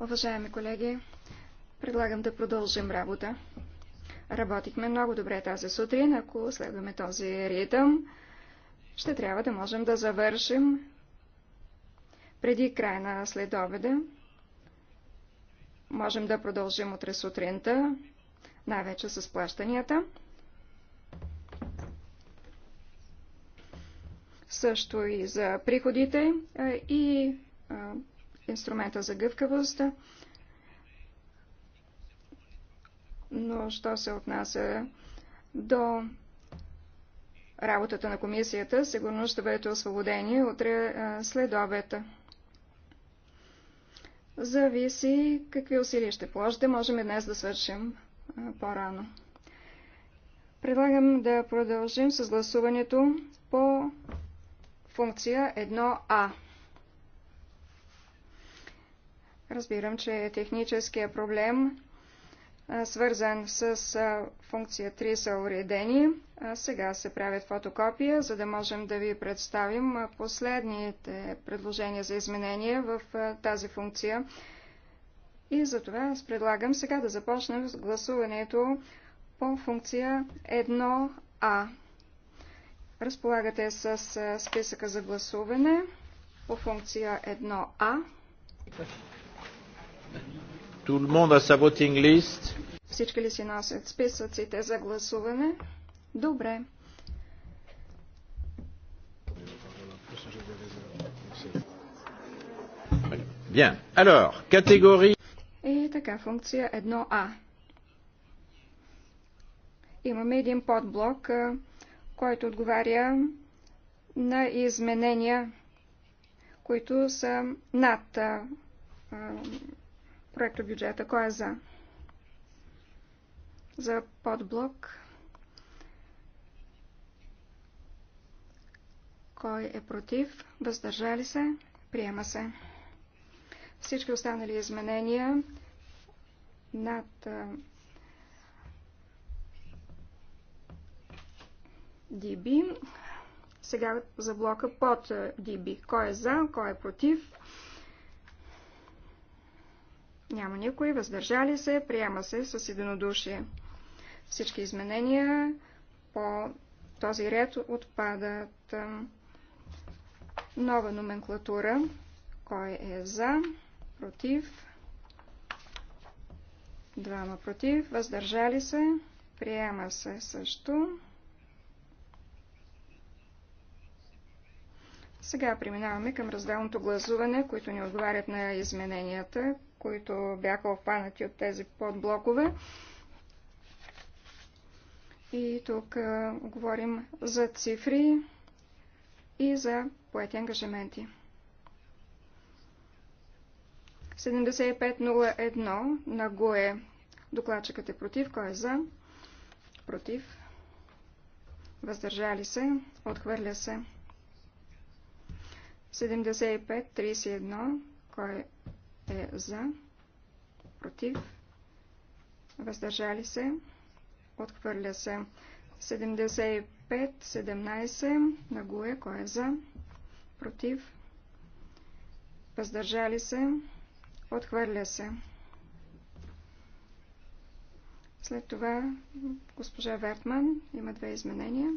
Уважаеми колеги, предлагам да продължим работа. Работихме много добре тази сутрин. Ако следваме този ритъм, ще трябва да можем да завършим преди края на следобеда. Можем да продължим утре сутринта, най-вече с плащанията. също и за приходите и инструмента за гъвкавост. Но що се отнася до работата на комисията, сигурно ще бъдете освободени утре след обета. Зависи какви усилия ще положите. Можем и днес да свършим по-рано. Предлагам да продължим с гласуването по функция 1А. Разбирам, че е техническия проблем, свързан с функция 3, са уредени. Сега се правят фотокопия, за да можем да ви представим последните предложения за изменение в тази функция. И затова аз предлагам сега да започнем с гласуването по функция 1А. Разполагате с списъка за гласуване по функция 1А. Tout le monde a sa voting list. Всички ли си носят списъците за гласуване? Добре. Bien. Alors, catégorie... И така, функция 1А. Имаме един подблок. Uh, който отговаря на изменения, които са над проекто бюджета. Кой е за? За подблок. Кой е против? Въздържали се? Приема се. Всички останали изменения над DB. Сега за блока под DB. Е, кой е за, кой е против? Няма никой. Въздържали се. Приема се с единодушие. Всички изменения по този ред отпадат. Нова номенклатура. Кой е за? Против? Двама против. Въздържали се. Приема се също. Сега преминаваме към разделното гласуване, които ни отговарят на измененията, които бяха обхванати от тези подблокове. И тук а, говорим за цифри и за поети ангажименти. 7501 на ГОЕ. Докладчикът е против. Кой е за? Против. Въздържали се. Отхвърля се. 75-31. Кой е за? Против? Въздържали се? Отхвърля се. 75-17. На Гуе. Кой е за? Против? Въздържали се? Отхвърля се. След това госпожа Вертман има две изменения.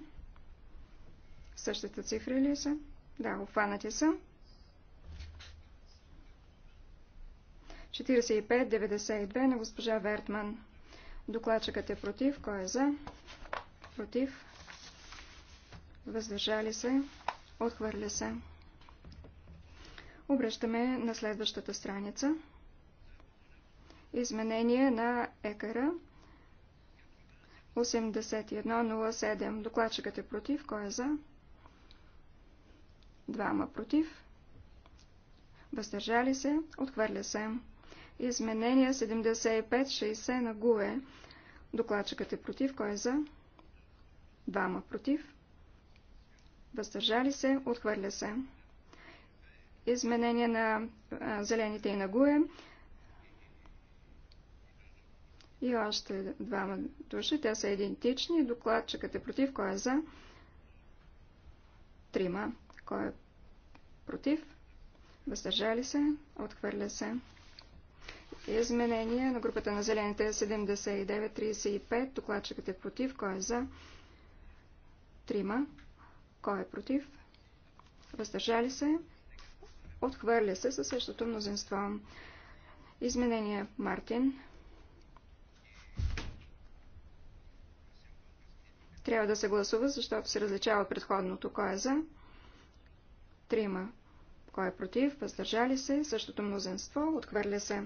Същата цифра ли са? Да, обхванати са. 45-92 на госпожа Вертман. Докладчикът е против. Кой е за? Против. Въздържали се. Отхвърля се. Обръщаме на следващата страница. Изменение на екара 8107. Докладчикът е против. Кой е за? Двама против. Въздържали се. Отхвърля се. Изменение 75-60 на ГУЕ. Докладчикът е против. Кой е за? Двама против. Въздържали се. Отхвърля се. Изменение на а, зелените и на ГУЕ. И още двама души. Те са идентични. Докладчикът е против. Кой е за? Трима. Кой е против? Въздържали се? Отхвърля се. Изменение на групата на зелените е 79-35. Докладчикът е против. Кой е за? Трима. Кой е против? Въздържали се? Отхвърля се със същото мнозинство. Изменение Мартин. Трябва да се гласува, защото се различава от предходното. Кой е за? Трима. Кой е против? Въздържали се. Същото мнозинство. Отхвърля се.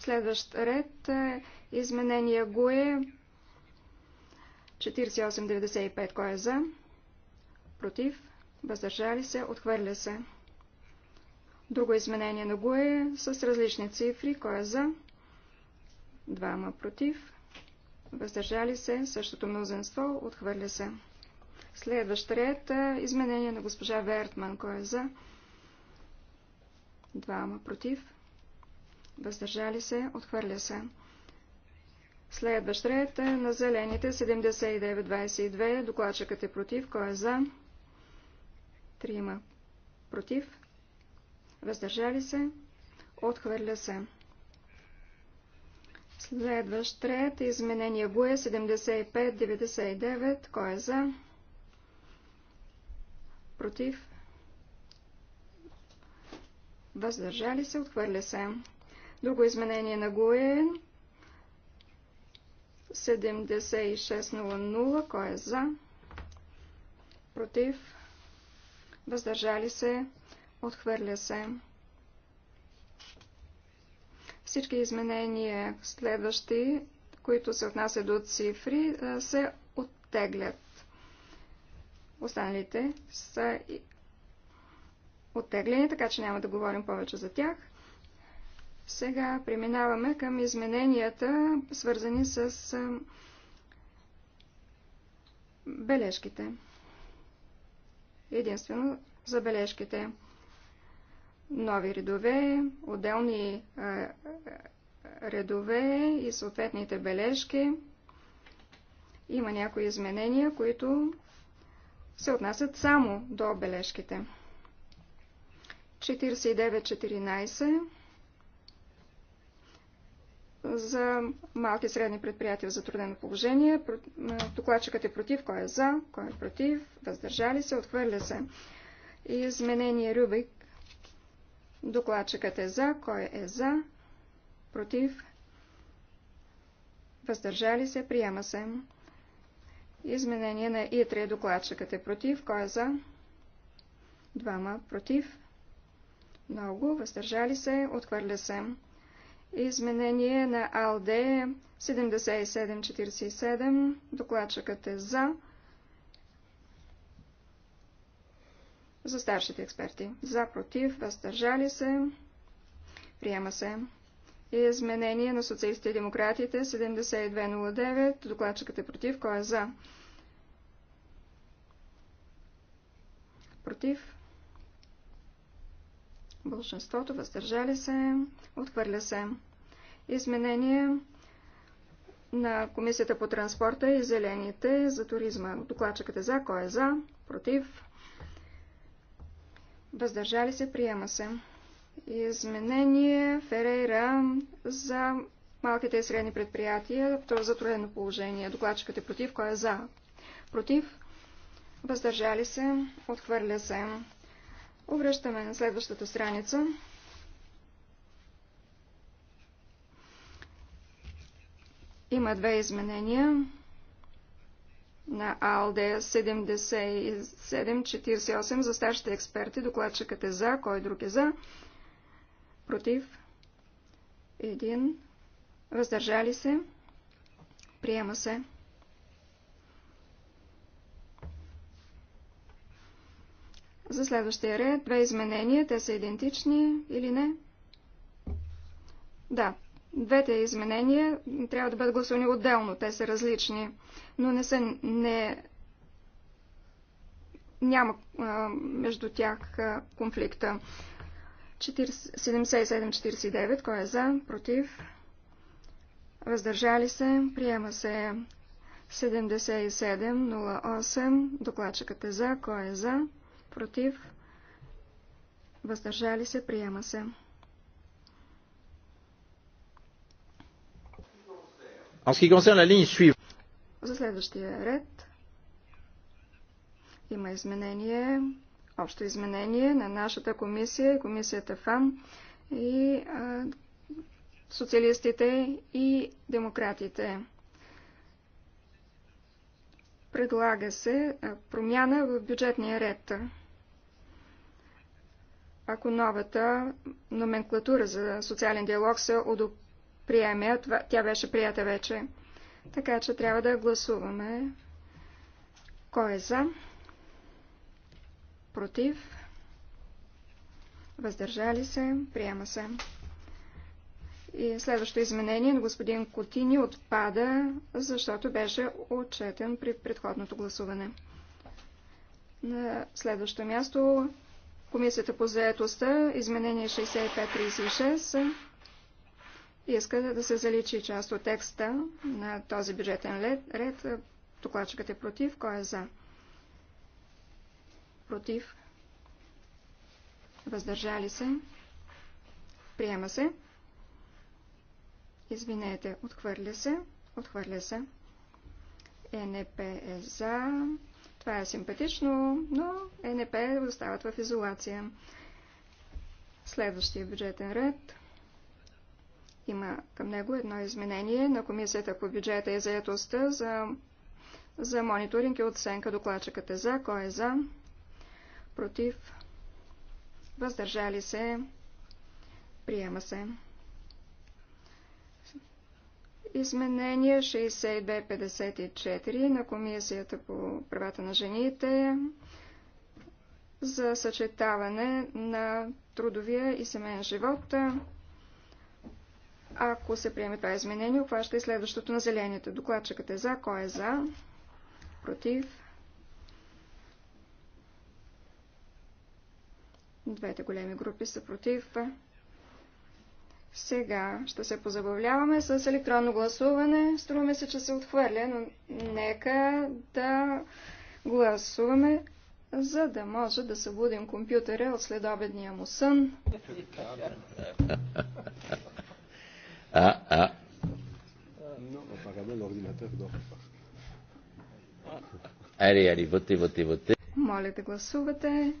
Следващ ред е изменение ГУЕ 4895. Кой е за? Против? Въздържали се. Отхвърля се. Друго изменение на ГУЕ с различни цифри. Кой е за? Двама против. Въздържали се. Същото мнозинство. Отхвърля се. Следващ ред е изменение на госпожа Вертман. Кой е за? Двама против. Въздържали се. Отхвърля се. Следващ ред е на зелените 79-22. Докладчикът е против. Кой е за? Трима против. Въздържали се. Отхвърля се. Следващ ред е изменение ГУЕ 75-99. Кой е за? против, въздържали се, отхвърля се. Друго изменение на ГУЕ 7600, кой е за, против, въздържали се, отхвърля се. Всички изменения следващи, които се отнасят до цифри, се оттеглят. Останалите са оттеглени, така че няма да говорим повече за тях. Сега преминаваме към измененията, свързани с бележките. Единствено за бележките. Нови редове, отделни редове и съответните бележки. Има някои изменения, които се отнасят само до бележките. 49.14 за малки и средни предприятия в затруднено положение. Докладчикът е против, кой е за, кой е против, въздържали се, отхвърля се. изменение Рюбик. Докладчикът е за, кой е за, против, въздържали се, приема се. Изменение на И3 докладчикът е против. Кой е за? Двама против. Много. Въздържали се. Отхвърля се. Изменение на АЛД 7747. Докладчикът е за. За старшите експерти. За, против, въздържали се. Приема се. Изменение на социалистите и демократите 7209. Докладчикът е против. Кой е за? против, Бълженството въздържали се, отхвърля се. Изменение на Комисията по транспорта и зелените за туризма. Докладчикът е за, кой е за, против. Въздържали се, приема се. Изменение Ферейра за малките и средни предприятия, за е затруднено положение. Докладчикът е против, кой е за, против въздържали се, отхвърля се. Обръщаме на следващата страница. Има две изменения на АЛД 7748 за старшите експерти. Докладчикът е за, кой друг е за? Против? Един. Въздържали се? Приема се. За следващия ред две изменения, те са идентични или не? Да, двете изменения трябва да бъдат гласувани отделно, те са различни, но не са не... няма а, между тях а, конфликта. 77-49, кой е за, против, въздържали се, приема се 77-08, докладчикът е за, кой е за, против, въздържали се, приема се. За следващия ред има изменение, общо изменение на нашата комисия, комисията ФАМ и а, социалистите и демократите. Предлага се промяна в бюджетния ред ако новата номенклатура за социален диалог се одоприеме, тя беше прията вече. Така че трябва да гласуваме. Кой е за? Против? Въздържали се? Приема се. И следващото изменение на господин Котини отпада, защото беше отчетен при предходното гласуване. На следващо място Комисията по заетостта, изменение 6536, иска да се заличи част от текста на този бюджетен ред. Докладчикът е против. Кой е за? Против. Въздържали се. Приема се. Извинете, отхвърля се. Отхвърля се. Е, НП е за. Това е симпатично, но НП остават в изолация. Следващия бюджетен ред. Има към него едно изменение на Комисията по бюджета и заедостта за, за мониторинг и оценка докладчикът е за, кой е за, против, въздържали се, приема се. Изменение 6254 на Комисията по правата на жените за съчетаване на трудовия и семейен живот. Ако се приеме това изменение, обхваща и следващото на зелените. Докладчикът е за. Кой е за? Против? Двете големи групи са против. Против? Сега ще се позабавляваме с електронно гласуване. Струваме се, че се отхвърля, но нека да гласуваме, за да може да събудим компютъра от следобедния му сън. А, а. Ели, ели, вътре, вътре, вътре. Моля да гласувате.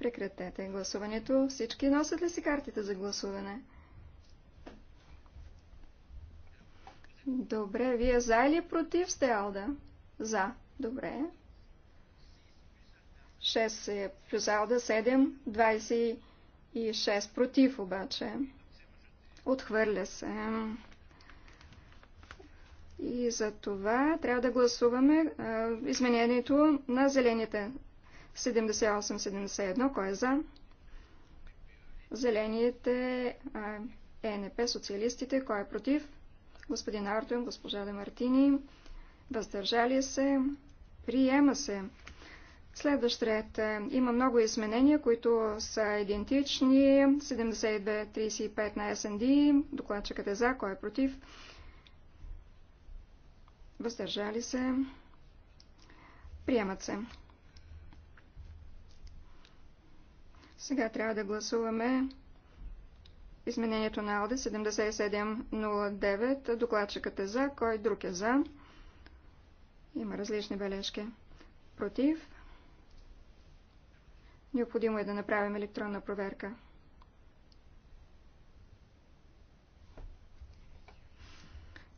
Прекратете гласуването. Всички носят ли си картите за гласуване? Добре, вие за или против сте, Алда? За. Добре. 6 е плюс Алда, 7, 26 против обаче. Отхвърля се. И за това трябва да гласуваме а, изменението на зелените 78-71, кой е за? Зелените, ЕНП, социалистите, кой е против? Господин Артур, госпожа Де Мартини, въздържали се, приема се. Следващ ред. Е, има много изменения, които са идентични. 72-35 на СНД. Докладчикът е за, кой е против? Въздържали се. Приемат се. Сега трябва да гласуваме изменението на АЛДЕ 7709. Докладчикът е за, кой друг е за. Има различни бележки. Против. Необходимо е да направим електронна проверка.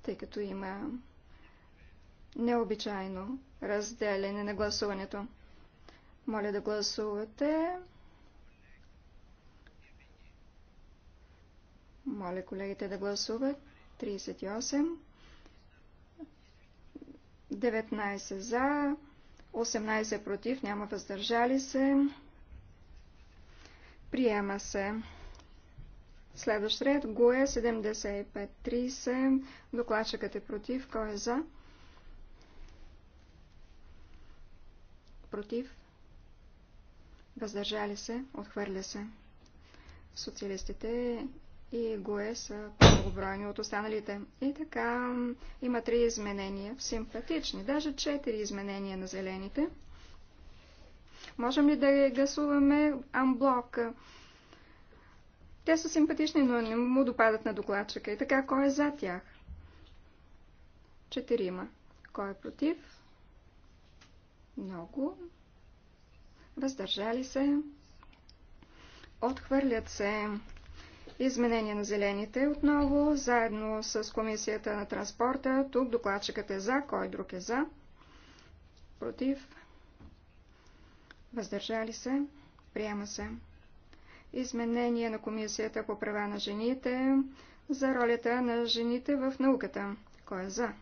Тъй като има необичайно разделяне на гласуването. Моля да гласувате Моля колегите да гласуват. 38. 19 за, 18 против, няма въздържали се. Приема се. Следващ ред ГУЕ 7530. Докладчикът е против. Кой е за? Против. Въздържали се. Отхвърля се. Социалистите и ГОЕ са по-добройни от останалите. И така има три изменения, симпатични, даже четири изменения на зелените. Можем ли да гласуваме амблок? Те са симпатични, но не му допадат на докладчика. И така, кой е за тях? Четирима. Кой е против? Много. Въздържали се. Отхвърлят се Изменение на зелените отново, заедно с Комисията на транспорта. Тук докладчикът е за, кой друг е за? Против? Въздържали се? Приема се. Изменение на Комисията по права на жените за ролята на жените в науката. Кой е за?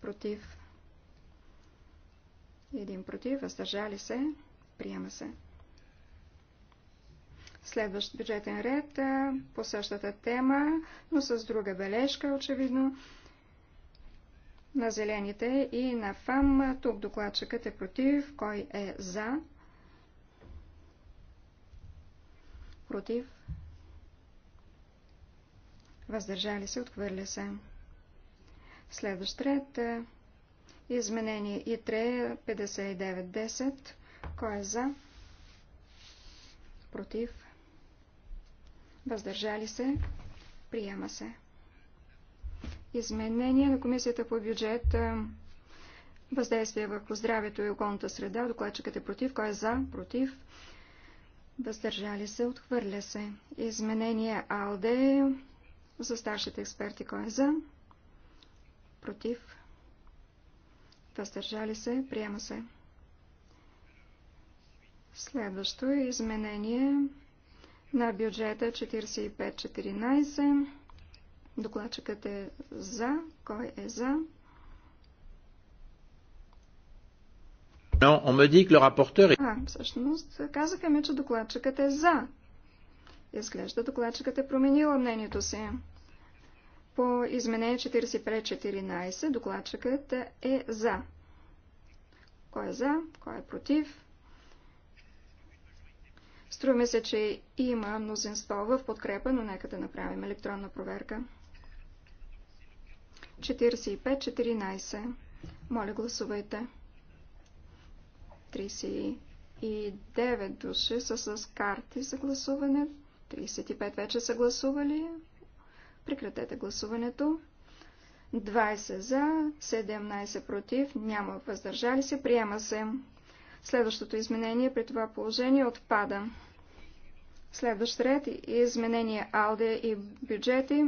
Против? Един против. Въздържали се? Приема се. Следващ бюджетен ред по същата тема, но с друга бележка, очевидно, на зелените и на ФАМ. Тук докладчикът е против. Кой е за? Против. Въздържали се, отхвърля се. Следващ ред. Изменение ИТРЕ 5910. Кой е за? Против въздържали се, приема се. Изменение на Комисията по бюджет, е, въздействие върху здравето и околната среда, докладчикът е против, кой е за, против, въздържали се, отхвърля се. Изменение АЛДЕ за старшите експерти, кой е за, против, въздържали се, приема се. Следващо е изменение на бюджета 45-14. Докладчикът е за. Кой е за? Non, on me dit que le rapporteur est... А, всъщност, казаха ми, че докладчикът е за. Изглежда, докладчикът е променила мнението си. По изменение 45-14 докладчикът е за. Кой е за? Кой е против? ми се, че има мнозинство в подкрепа, но нека да направим електронна проверка. 45-14. Моля, гласувайте. 39 души са с карти за гласуване. 35 вече са гласували. Прекратете гласуването. 20 за, 17 против, няма въздържали се, приема се. Следващото изменение при това положение отпада. Следващ ред и изменение АЛДЕ и бюджети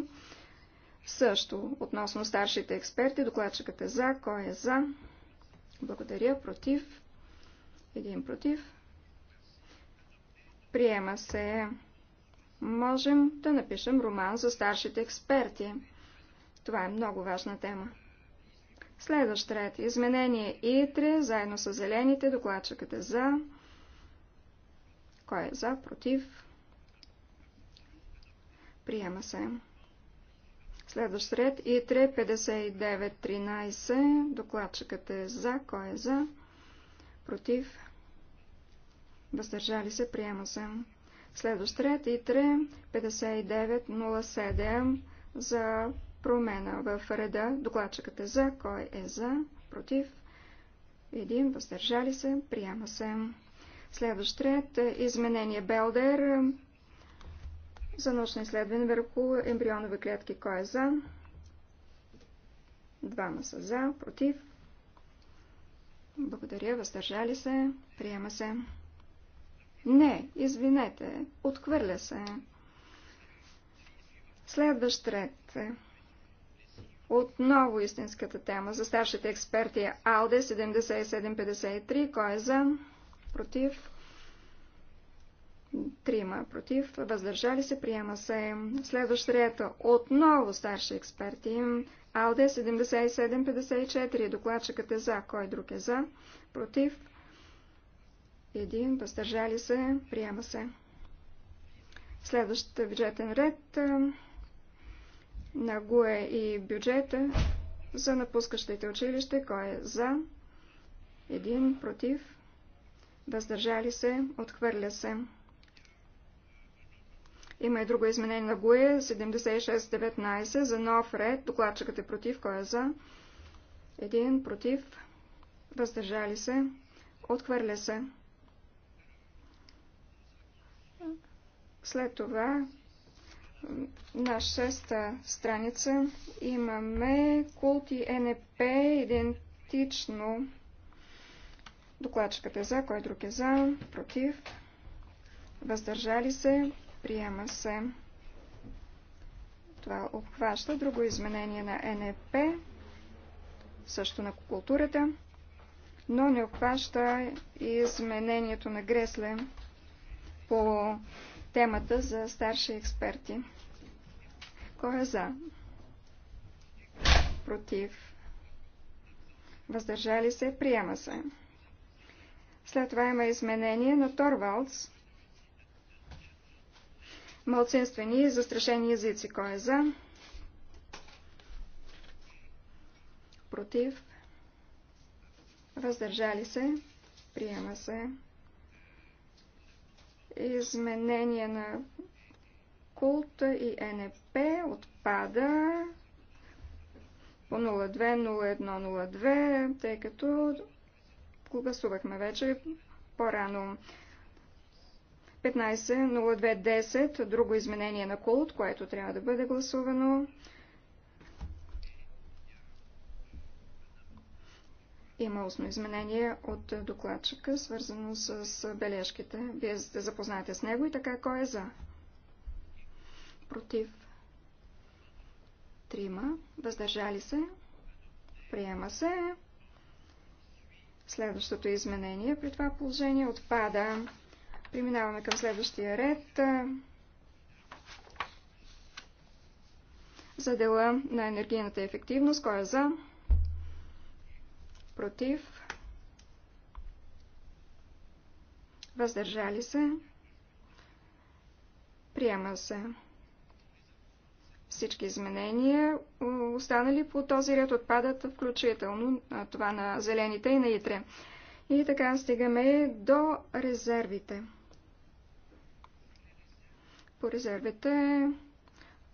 също относно старшите експерти. Докладчикът е за. Кой е за? Благодаря. Против. Един против. Приема се. Можем да напишем роман за старшите експерти. Това е много важна тема. Следващ ред. Изменение И3, заедно с зелените, докладчикът е за. Кой е за? Против? Приема се. Следващ ред И3, 59, 13, докладчикът е за. Кой е за? Против? Въздържали се, приема се. Следващ ред И3, 59, 07, за промена в реда. Докладчикът е за, кой е за, против, един, въздържали се, приема се. Следващ ред изменение Белдер за научно изследване върху ембрионови клетки. Кой е за? Двама са за, против. Благодаря, въздържали се, приема се. Не, извинете, отхвърля се. Следващ ред. Отново истинската тема за старшите експерти е АЛДЕ 7753. Кой е за? Против? Трима против. Въздържали се. Приема се. Следващ ред. Отново старши експерти. АЛДЕ 7754. Докладчикът е за. Кой друг е за? Против? Един. Въздържали се. Приема се. Следващата бюджетен ред на ГУЕ и бюджета за напускащите училище. Кой е за? Един против. Въздържали се. Отхвърля се. Има и друго изменение на ГУЕ. 76-19 за нов ред. Докладчикът е против. Кой е за? Един против. Въздържали се. Отхвърля се. След това на шеста страница имаме култ и НП идентично. Докладчикът е за, кой друг е за, против, въздържали се, приема се. Това обхваща друго изменение на НП, също на културата, но не обхваща изменението на Гресле по темата за старши експерти. Кой е за? Против. Въздържали се. Приема се. След това има изменение на Торвалдс. Малцинствени и застрашени езици. Кой е за? Против. Въздържали се. Приема се. Изменение на Култ и НП отпада по 020102, тъй като го гласувахме вече по-рано. 15.02.10, друго изменение на култ, което трябва да бъде гласувано. Има устно изменение от докладчика, свързано с бележките. Вие сте запознаете с него и така кой е за? против, трима, въздържали се, приема се. Следващото изменение при това положение отпада. Преминаваме към следващия ред. За дела на енергийната ефективност, кой е за? Против? Въздържали се? Приема се. Всички изменения, останали по този ред, отпадат включително това на зелените и на итре. И така стигаме до резервите. По резервите,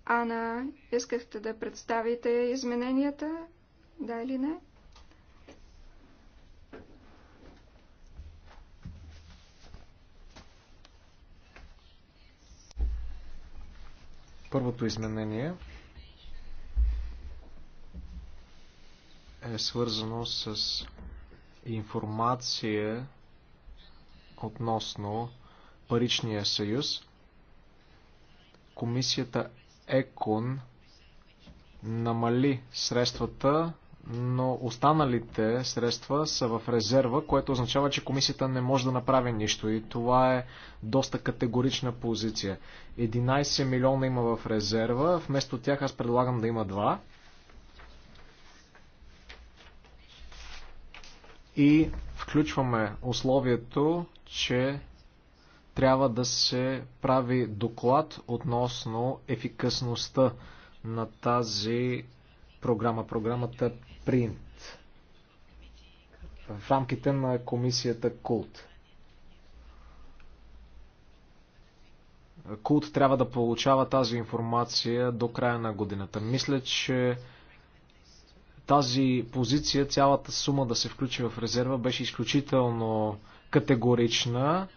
Ана, искахте да представите измененията, да или не? Първото изменение е свързано с информация относно паричния съюз. Комисията ЕКОН намали средствата но останалите средства са в резерва, което означава, че комисията не може да направи нищо и това е доста категорична позиция. 11 милиона има в резерва, вместо тях аз предлагам да има 2. И включваме условието, че трябва да се прави доклад относно ефикасността на тази програма. Програмата принт в рамките на комисията Култ. Култ трябва да получава тази информация до края на годината. Мисля, че тази позиция, цялата сума да се включи в резерва, беше изключително категорична.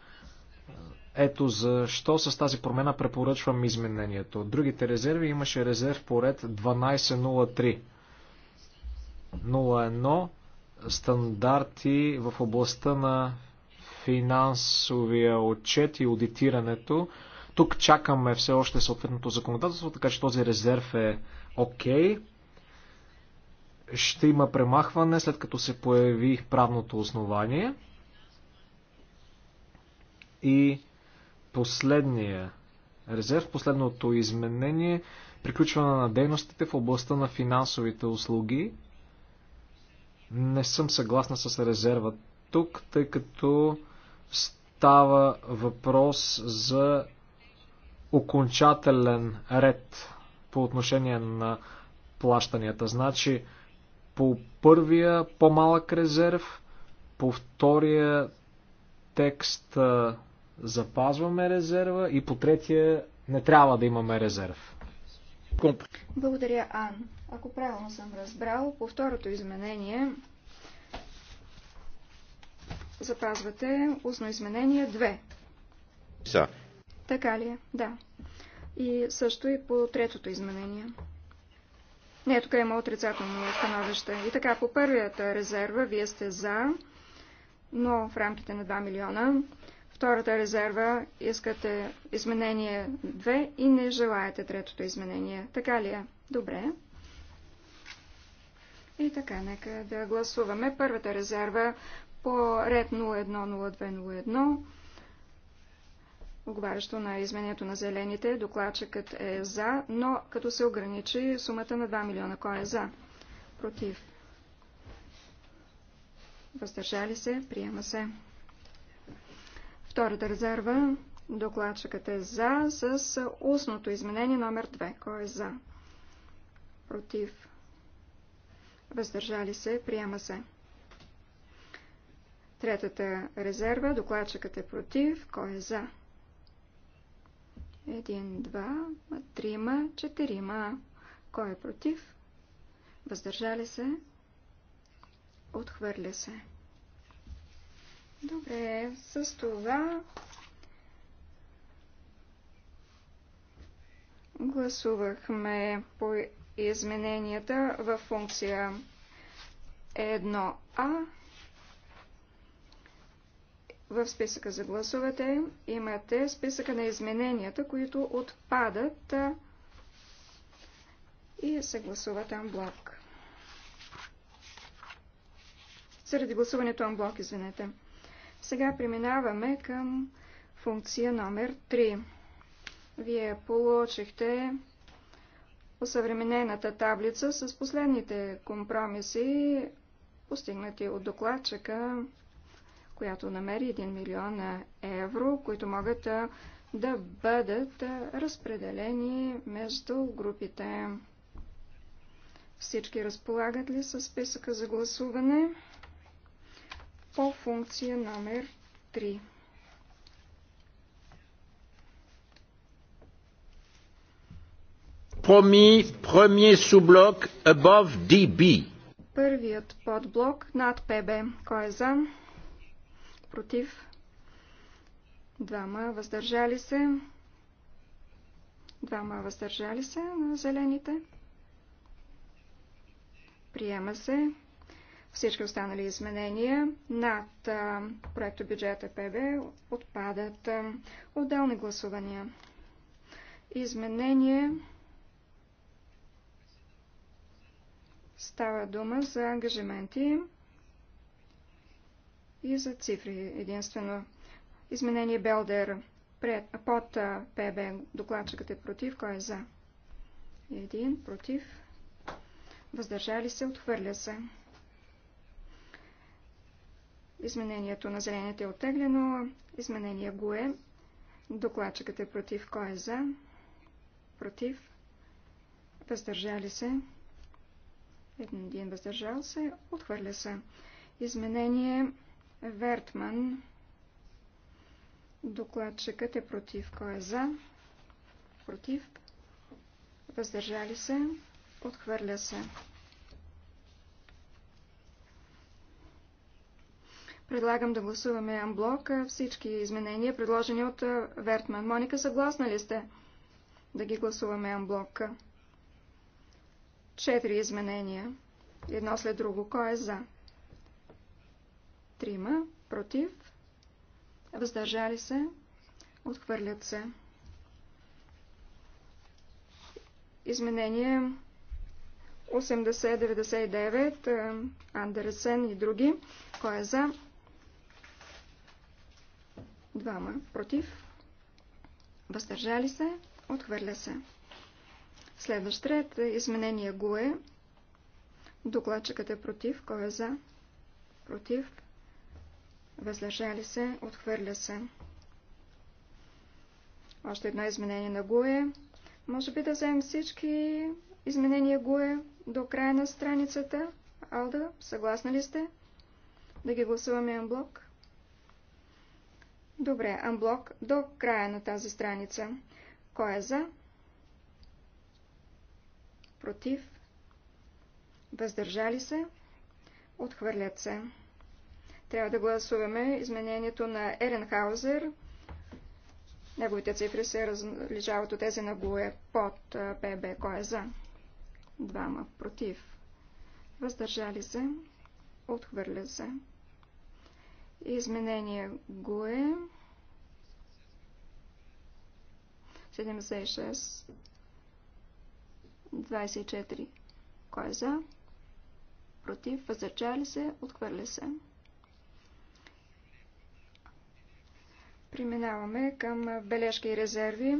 Ето защо с тази промена препоръчвам изменението. другите резерви имаше резерв ред 1203. 01 стандарти в областта на финансовия отчет и аудитирането. Тук чакаме все още съответното законодателство, така че този резерв е окей. Okay. Ще има премахване след като се появи правното основание. И последния резерв, последното изменение, приключване на дейностите в областта на финансовите услуги не съм съгласна с резерва тук, тъй като става въпрос за окончателен ред по отношение на плащанията. Значи, по първия по-малък резерв, по втория текст запазваме резерва и по третия не трябва да имаме резерв. Благодаря, Ан. Ако правилно съм разбрал, по второто изменение запазвате устно изменение 2. За. Така ли е? Да. И също и по третото изменение. Не, тук има отрицателно становище. И така, по първията резерва вие сте за, но в рамките на 2 милиона втората резерва искате изменение 2 и не желаете третото изменение. Така ли е? Добре. И така, нека да гласуваме първата резерва по ред 010201, оговарящо на изменението на зелените. Докладчикът е за, но като се ограничи сумата на 2 милиона. Кой е за? Против. Въздържали се? Приема се. Втората резерва. Докладчикът е за с устното изменение номер 2. Кой е за? Против. Въздържали се. Приема се. Третата резерва. Докладчикът е против. Кой е за? Един, два, трима, четирима. Кой е против? Въздържали се? Отхвърля се. Добре, с това гласувахме по измененията в функция 1А. В списъка за гласовете имате списъка на измененията, които отпадат и се гласуват блок. Заради гласуването блок, извинете. Сега преминаваме към функция номер 3. Вие получихте осъвременената таблица с последните компромиси, постигнати от докладчика, която намери 1 милион евро, които могат да бъдат разпределени между групите. Всички разполагат ли с списъка за гласуване? по функция номер 3. Проми, premier above DB. Първият подблок над ПБ. Кой е за? Против? Двама въздържали се. Двама въздържали се на зелените. Приема се. Всички останали изменения над проекто бюджета ПБ отпадат. Отделни гласувания. Изменение става дума за ангажименти и за цифри единствено. Изменение Белдер пред, под ПБ докладчикът е против, кой е за? Един против. Въздържали се, отхвърля се. Изменението на зелените е оттеглено. Изменение го е. Докладчикът е против. Кой е за? Против. Въздържали се. Един въздържал се. Отхвърля се. Изменение Вертман. Докладчикът е против. Кой е за? Против. Въздържали се. Отхвърля се. Предлагам да гласуваме амблок всички изменения, предложени от Вертман. Моника, съгласна ли сте да ги гласуваме амблок? Четири изменения. Едно след друго. Кой е за? Трима. Против. Въздържали се. Отхвърлят се. Изменение 80-99, Андерсен и други. Кой е за? Двама против. Въздържали се. Отхвърля се. Следващ ред. Изменение ГУЕ. Докладчикът е против. Кой е за? Против. Въздържали се. Отхвърля се. Още едно изменение на ГУЕ. Може би да вземем всички изменения ГУЕ до края на страницата. Алда, съгласна ли сте? Да ги гласуваме на блок. Добре, амблок до края на тази страница. Кой е за? Против? Въздържали се? Отхвърлят се. Трябва да гласуваме изменението на Еренхаузер. Неговите цифри се различават от тези на Гуе под ПБ. Кой е за? Двама против. Въздържали се. Отхвърля се. Изменение го е 76 24. Кой е за? Против? Въздържали се? Отхвърля се. Преминаваме към бележки и резерви.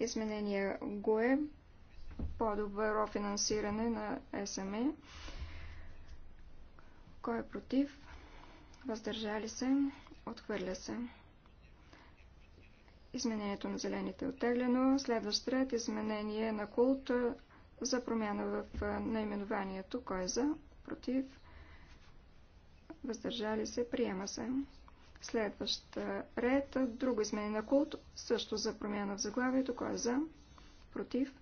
Изменение ГУЕ. По-добро финансиране на СМЕ. Кой е против? въздържали се, отхвърля се. Изменението на зелените е оттеглено. Следващ ред изменение на култ за промяна в наименованието. Кой е за? Против? Въздържали се? Приема се. Следващ ред. Друго изменение на култ. Също за промяна в заглавието. Кой е за? Против?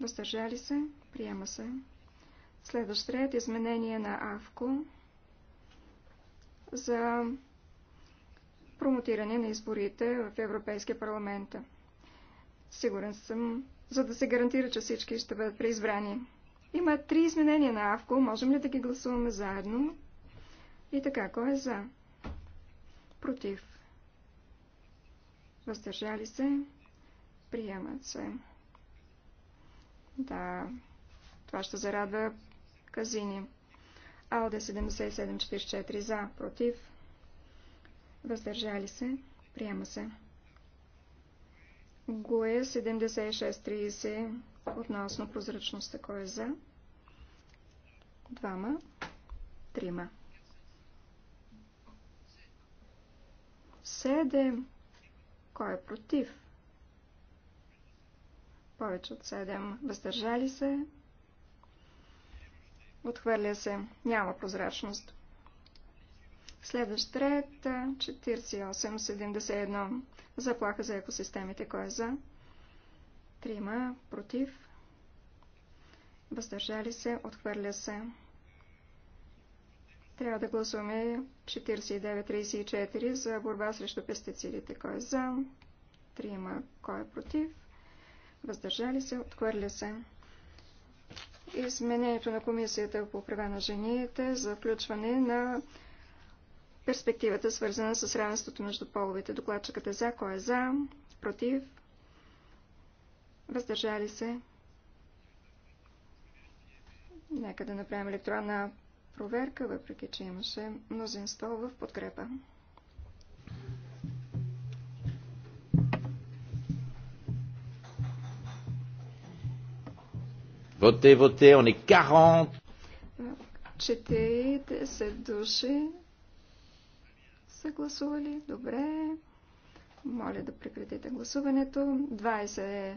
Въздържали се? Приема се. Следващ ред. Изменение на АВКО за промотиране на изборите в Европейския парламент. Сигурен съм, за да се гарантира, че всички ще бъдат преизбрани. Има три изменения на АВКО. Можем ли да ги гласуваме заедно? И така, кой е за? Против. Въздържали се. Приемат се. Да, това ще зарадва казини. АЛДЕ 7744 за, против, въздържали се, приема се. ГУЕ 7630 относно прозрачността, кой е за? Двама, трима. Седем. Кой е против? Повече от седем. Въздържали се? Отхвърля се. Няма прозрачност. Следващ ред 4871. Заплаха за екосистемите. Кой е за? Трима. Против. Въздържали се. Отхвърля се. Трябва да гласуваме 4934 за борба срещу пестицидите. Кой е за? Трима. Кой е против? Въздържали се. Отхвърля се изменението на Комисията по права на жените за включване на перспективата, свързана с равенството между половите. Докладчикът е за, кой е за, против, въздържали се. Нека да направим електронна проверка, въпреки че имаше мнозинство в подкрепа. Votez, votez, on est 40. 40 души са гласували. Добре. Моля да прекратите гласуването. 20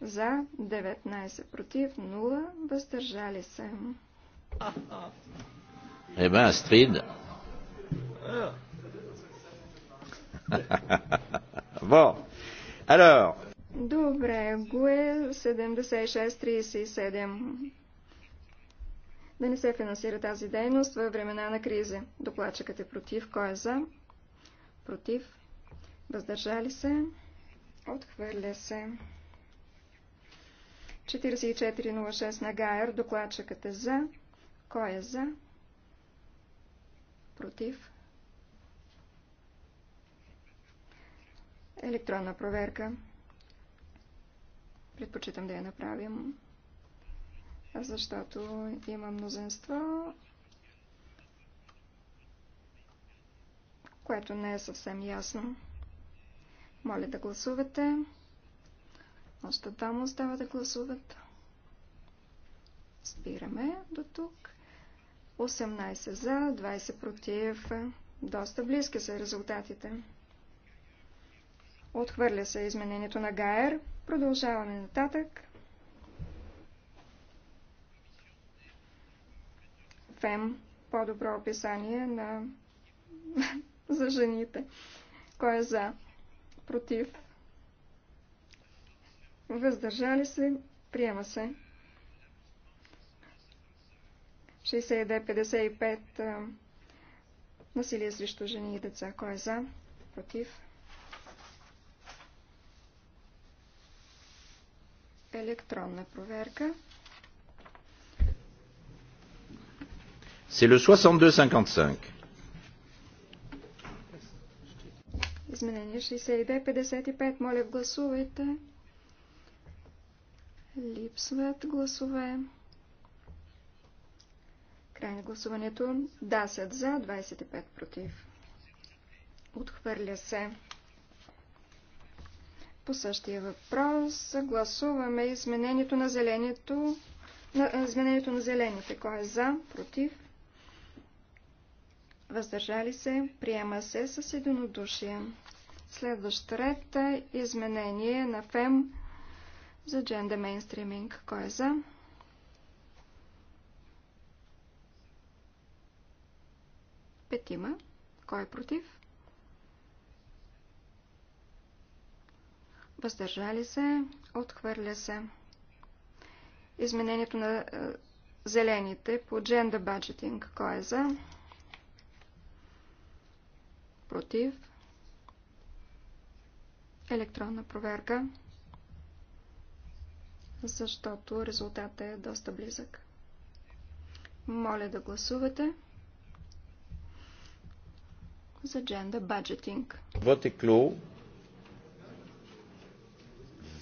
за, 19 против, 0 въздържали се. Е, бе, Астрид. Bon. Alors, Добре, го е 76, 37. Да не се финансира тази дейност във времена на кризи. Докладчикът е против. Кой е за? Против. Въздържали се. Отхвърля се. 4406 на Гайер. Докладчикът е за. Кой е за? Против. Електронна проверка предпочитам да я направим, защото има мнозинство, което не е съвсем ясно. Моля да гласувате. Още двама остава да гласуват. Спираме до тук. 18 за, 20 против. Доста близки са резултатите. Отхвърля се изменението на Гайер. Продължаваме нататък. ФЕМ, по-добро описание на... за жените. Кой е за? Против? Въздържали се? Приема се. 62-55 насилие срещу жени и деца. Кой е за? Против? електронна проверка. C'est le 62-55. Изменение 62-55. Моля, гласувайте. Липсват гласове. Край на гласуването. Да, за, 25 против. Отхвърля се. По същия въпрос гласуваме изменението на зелението, на, е, изменението на зелените. Кой е за, против? Въздържали се, приема се с единодушие. Следващ ред е изменение на ФЕМ за дженда мейнстриминг. Кой е за? Петима. Кой е против? въздържали се, отхвърля се. Изменението на е, зелените по Gender Budgeting. Кой е за? Против. Електронна проверка. Защото резултатът е доста близък. Моля да гласувате за Gender Budgeting. Вот е клюв.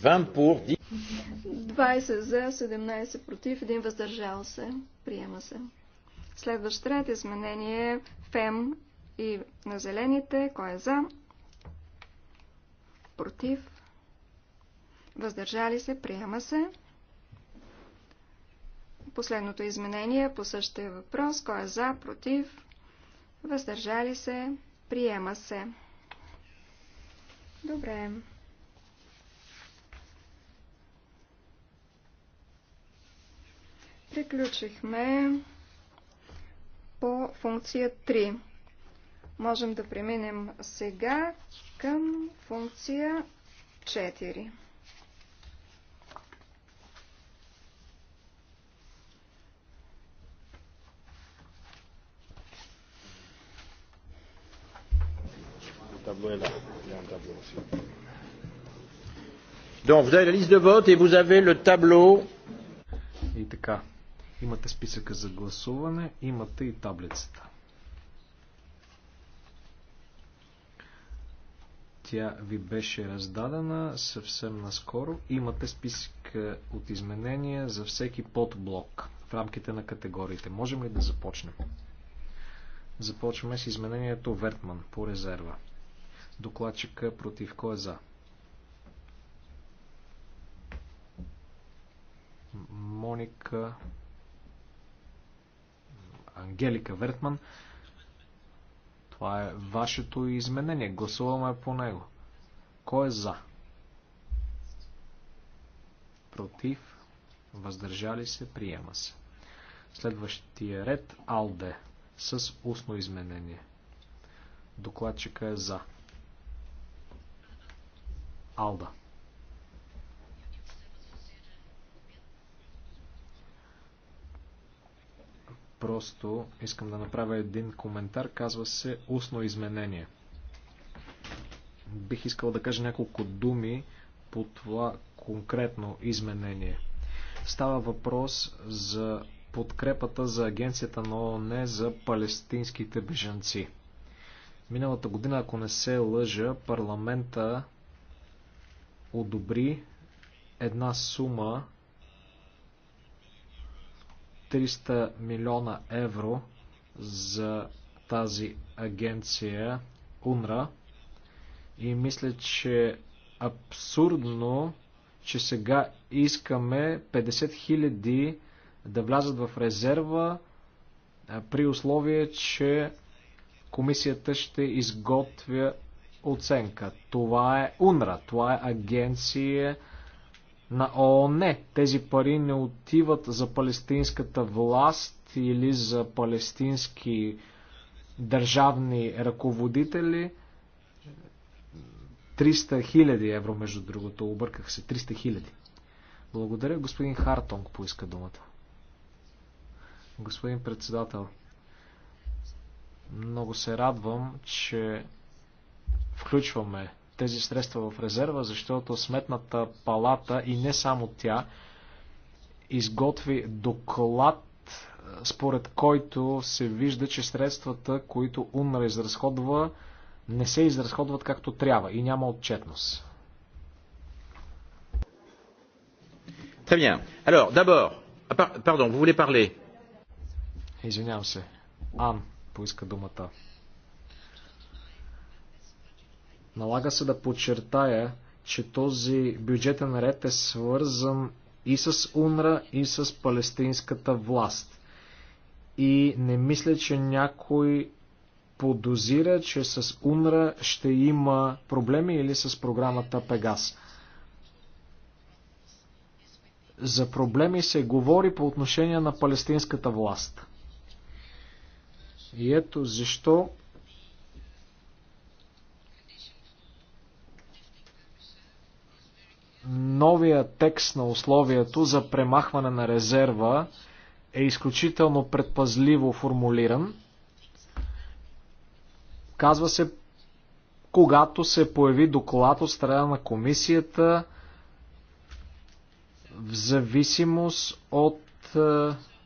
20 за, 17 против, 1 въздържал се. Приема се. Следващ ред изменение ФЕМ и на зелените. Кой е за? Против. Въздържали се. Приема се. Последното изменение по същия въпрос. Кой е за? Против. Въздържали се. Приема се. Добре. приключихме по функция 3. Можем да преминем сега към функция 4. Donc, vous Имате списъка за гласуване, имате и таблицата. Тя ви беше раздадена съвсем наскоро. Имате списък е, от изменения за всеки подблок в рамките на категориите. Можем ли да започнем? Започваме с изменението Вертман по резерва. Докладчика против кой е за? Моника Ангелика Вертман. Това е вашето изменение. Гласуваме по него. Кой е за? Против? Въздържали се? Приема се. Следващия ред Алде с устно изменение. Докладчика е за. Алда. Просто искам да направя един коментар. Казва се устно изменение. Бих искал да кажа няколко думи по това конкретно изменение. Става въпрос за подкрепата за агенцията на ООН за палестинските бежанци. Миналата година, ако не се лъжа, парламента одобри една сума 300 милиона евро за тази агенция УНРА и мисля, че абсурдно, че сега искаме 50 хиляди да влязат в резерва при условие, че комисията ще изготвя оценка. Това е УНРА, това е агенция на ООН. Тези пари не отиват за палестинската власт или за палестински държавни ръководители. 300 хиляди евро, между другото, обърках се. 300 хиляди. Благодаря. Господин Хартонг поиска думата. Господин председател, много се радвам, че включваме тези средства в резерва, защото Сметната палата и не само тя изготви доклад, според който се вижда, че средствата, които УНРА изразходва, не се изразходват както трябва и няма отчетност. Très bien. Alors, d'abord, ah, pardon, vous voulez parler Извинявам се. Ан поиска думата. Налага се да подчертая, че този бюджетен ред е свързан и с УНРА, и с палестинската власт. И не мисля, че някой подозира, че с УНРА ще има проблеми или с програмата Пегас. За проблеми се говори по отношение на палестинската власт. И ето защо новия текст на условието за премахване на резерва е изключително предпазливо формулиран. Казва се, когато се появи доклад от страна на комисията в зависимост от е,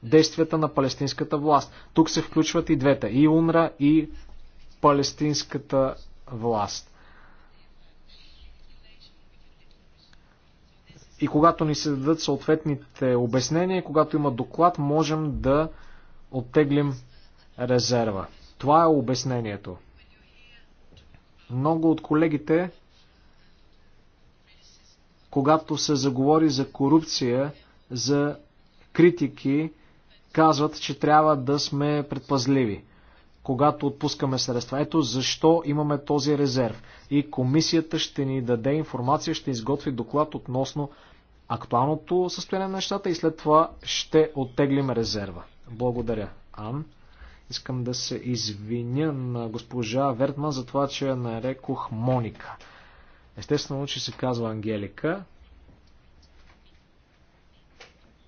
действията на палестинската власт. Тук се включват и двете, и УНРА, и палестинската власт. И когато ни се дадат съответните обяснения, когато има доклад, можем да оттеглим резерва. Това е обяснението. Много от колегите, когато се заговори за корупция, за критики, казват, че трябва да сме предпазливи, когато отпускаме средства. Ето защо имаме този резерв. И комисията ще ни даде информация, ще изготви доклад относно актуалното състояние на нещата и след това ще оттеглим резерва. Благодаря, Ан. Искам да се извиня на госпожа Вертман за това, че я нарекох Моника. Естествено, че се казва Ангелика.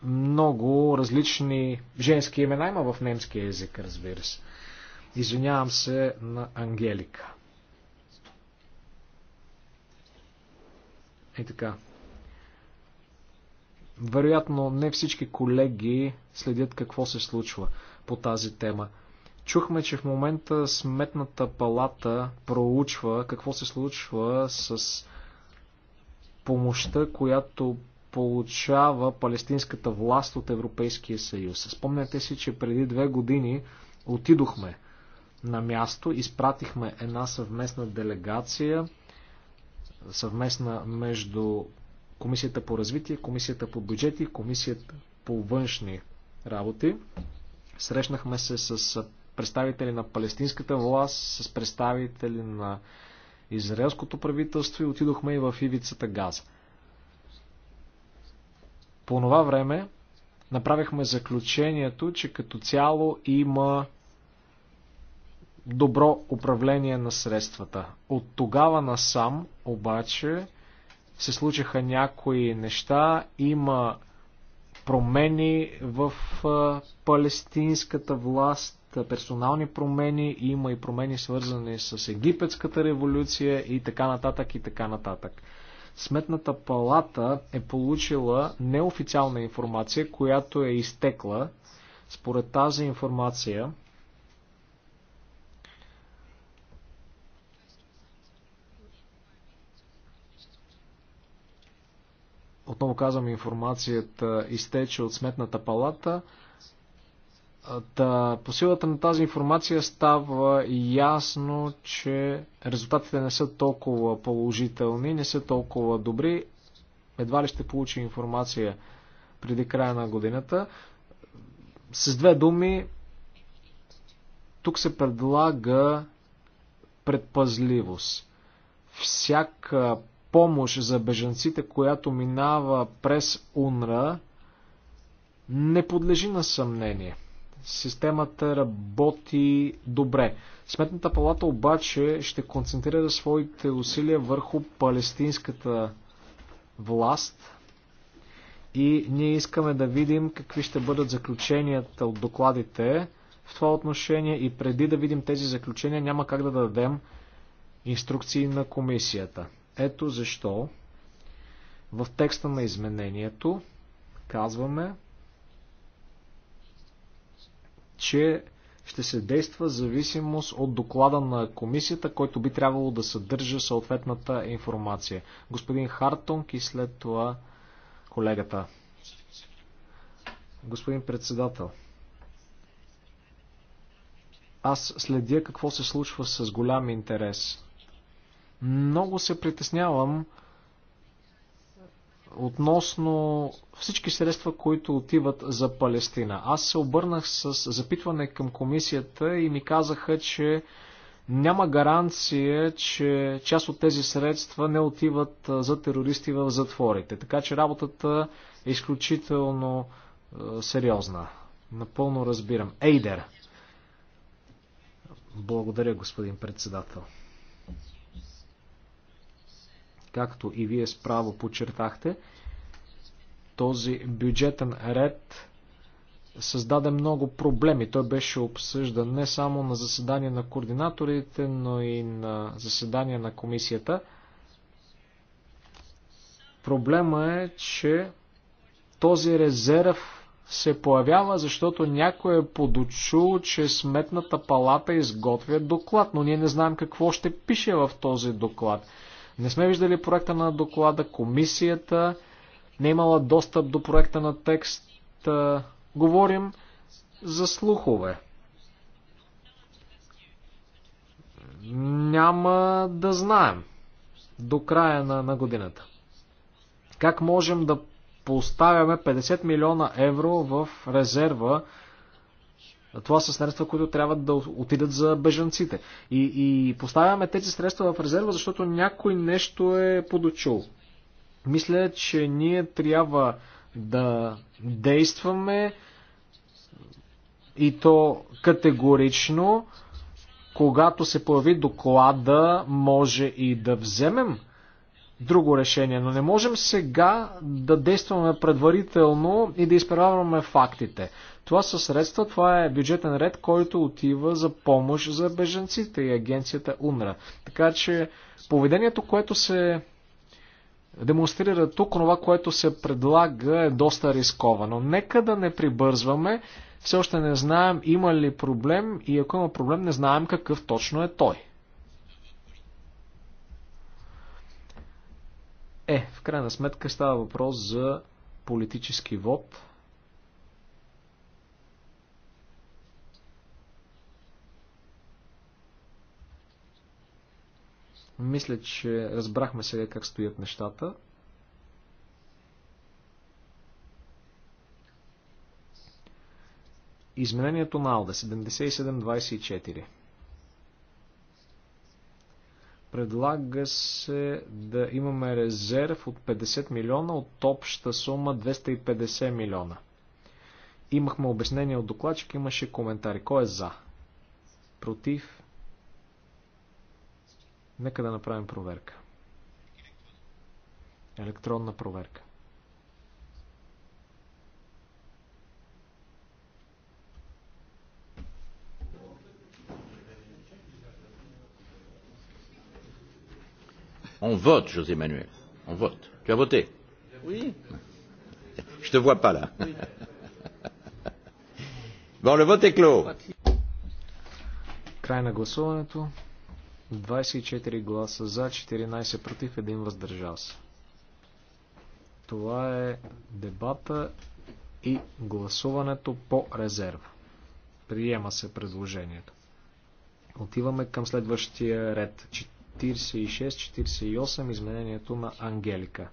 Много различни женски имена има в немски език, разбира се. Извинявам се на Ангелика. И така. Вероятно не всички колеги следят какво се случва по тази тема. Чухме, че в момента Сметната палата проучва какво се случва с помощта, която получава палестинската власт от Европейския съюз. Спомняте си, че преди две години отидохме на място, изпратихме една съвместна делегация, съвместна между Комисията по развитие, Комисията по бюджети, Комисията по външни работи. Срещнахме се с представители на палестинската власт, с представители на израелското правителство и отидохме и в ивицата Газа. По това време направихме заключението, че като цяло има добро управление на средствата. От тогава насам обаче се случиха някои неща. Има промени в палестинската власт, персонални промени, има и промени свързани с египетската революция и така нататък и така нататък. Сметната палата е получила неофициална информация, която е изтекла. Според тази информация, Отново казвам, информацията изтече от сметната палата. Та, по силата на тази информация става ясно, че резултатите не са толкова положителни, не са толкова добри. Едва ли ще получи информация преди края на годината. С две думи, тук се предлага предпазливост. Всяка помощ за бежанците, която минава през УНРА, не подлежи на съмнение. Системата работи добре. Сметната палата обаче ще концентрира своите усилия върху палестинската власт и ние искаме да видим какви ще бъдат заключенията от докладите в това отношение и преди да видим тези заключения няма как да дадем инструкции на комисията. Ето защо в текста на изменението казваме, че ще се действа в зависимост от доклада на комисията, който би трябвало да съдържа съответната информация. Господин Хартонг и след това колегата. Господин председател, аз следя какво се случва с голям интерес. Много се притеснявам относно всички средства, които отиват за Палестина. Аз се обърнах с запитване към комисията и ми казаха, че няма гаранция, че част от тези средства не отиват за терористи в затворите. Така че работата е изключително е, сериозна. Напълно разбирам. Ейдер. Благодаря, господин председател както и вие справо подчертахте, този бюджетен ред създаде много проблеми. Той беше обсъждан не само на заседание на координаторите, но и на заседание на комисията. Проблема е, че този резерв се появява, защото някой е подочул, че Сметната палата изготвя доклад, но ние не знаем какво ще пише в този доклад. Не сме виждали проекта на доклада, комисията не е имала достъп до проекта на текст. Говорим за слухове. Няма да знаем до края на, на годината. Как можем да поставяме 50 милиона евро в резерва това са средства, които трябва да отидат за бежанците. И, и поставяме тези средства в резерва, защото някой нещо е подочул. Мисля, че ние трябва да действаме и то категорично, когато се появи доклада, може и да вземем друго решение. Но не можем сега да действаме предварително и да изправяме фактите. Това са средства, това е бюджетен ред, който отива за помощ за беженците и агенцията УНРА. Така че поведението, което се демонстрира тук, това, което се предлага е доста рисковано. Нека да не прибързваме, все още не знаем има ли проблем и ако има проблем, не знаем какъв точно е той. Е, в крайна сметка става въпрос за политически вод. Мисля, че разбрахме сега как стоят нещата. Изменението на Алда 7724 Предлага се да имаме резерв от 50 милиона от обща сума 250 милиона. Имахме обяснение от докладчик, имаше коментари. Кой е за? Против? Нека да направим проверка. Електронна проверка. On vote, José Manuel. On vote. Tu as voté Oui. Je te vois pas là. Bon, le vote est clos. Край на гласуването. 24 гласа за, 14 против, 1 въздържал се. Това е дебата и гласуването по резерва. Приема се предложението. Отиваме към следващия ред. 46-48, изменението на Ангелика.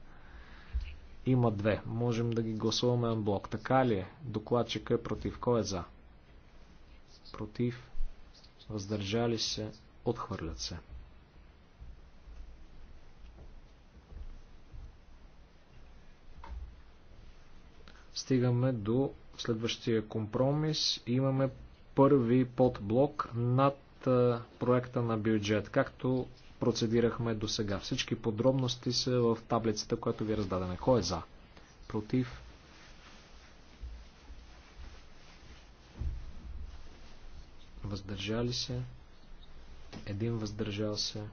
Има две. Можем да ги гласуваме на блок. Така ли е? Докладчика е против. Кой е за? Против. Въздържали се. Отхвърлят се. Стигаме до следващия компромис. Имаме първи подблок над проекта на бюджет. Както процедирахме до сега. Всички подробности са в таблицата, която ви раздадена. Кой е за? Против? Въздържали се? Един въздържал се.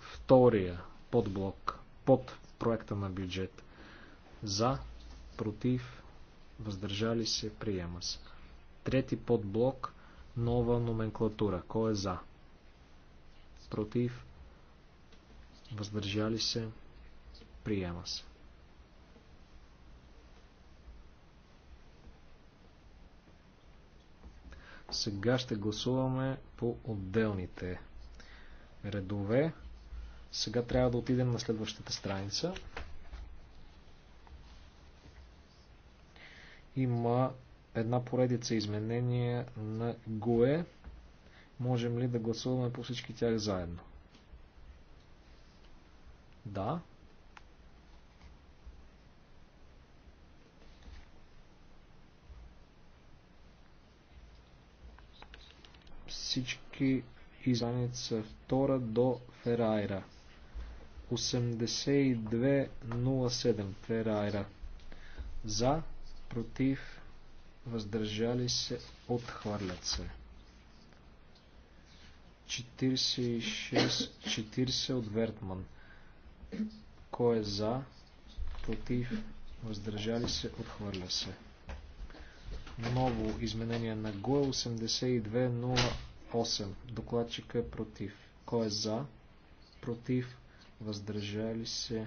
Втория подблок под проекта на бюджет. За, против, въздържали се, приема се. Трети подблок нова номенклатура. Кой е за? Против? Въздържали се? Приема се. Сега ще гласуваме по отделните редове. Сега трябва да отидем на следващата страница. Има една поредица изменения на ГУЕ. Можем ли да гласуваме по всички тях заедно? Да. Всички изаница 2 до Ферайра. 8207 Ферайра. За, против, въздържали се, отхвърлят се. 46-40 от Вертман. Кой е за, против, въздържали се, отхвърля се. Ново изменение на ГО 8208. Докладчика е против. Кой е за, против, въздържали се,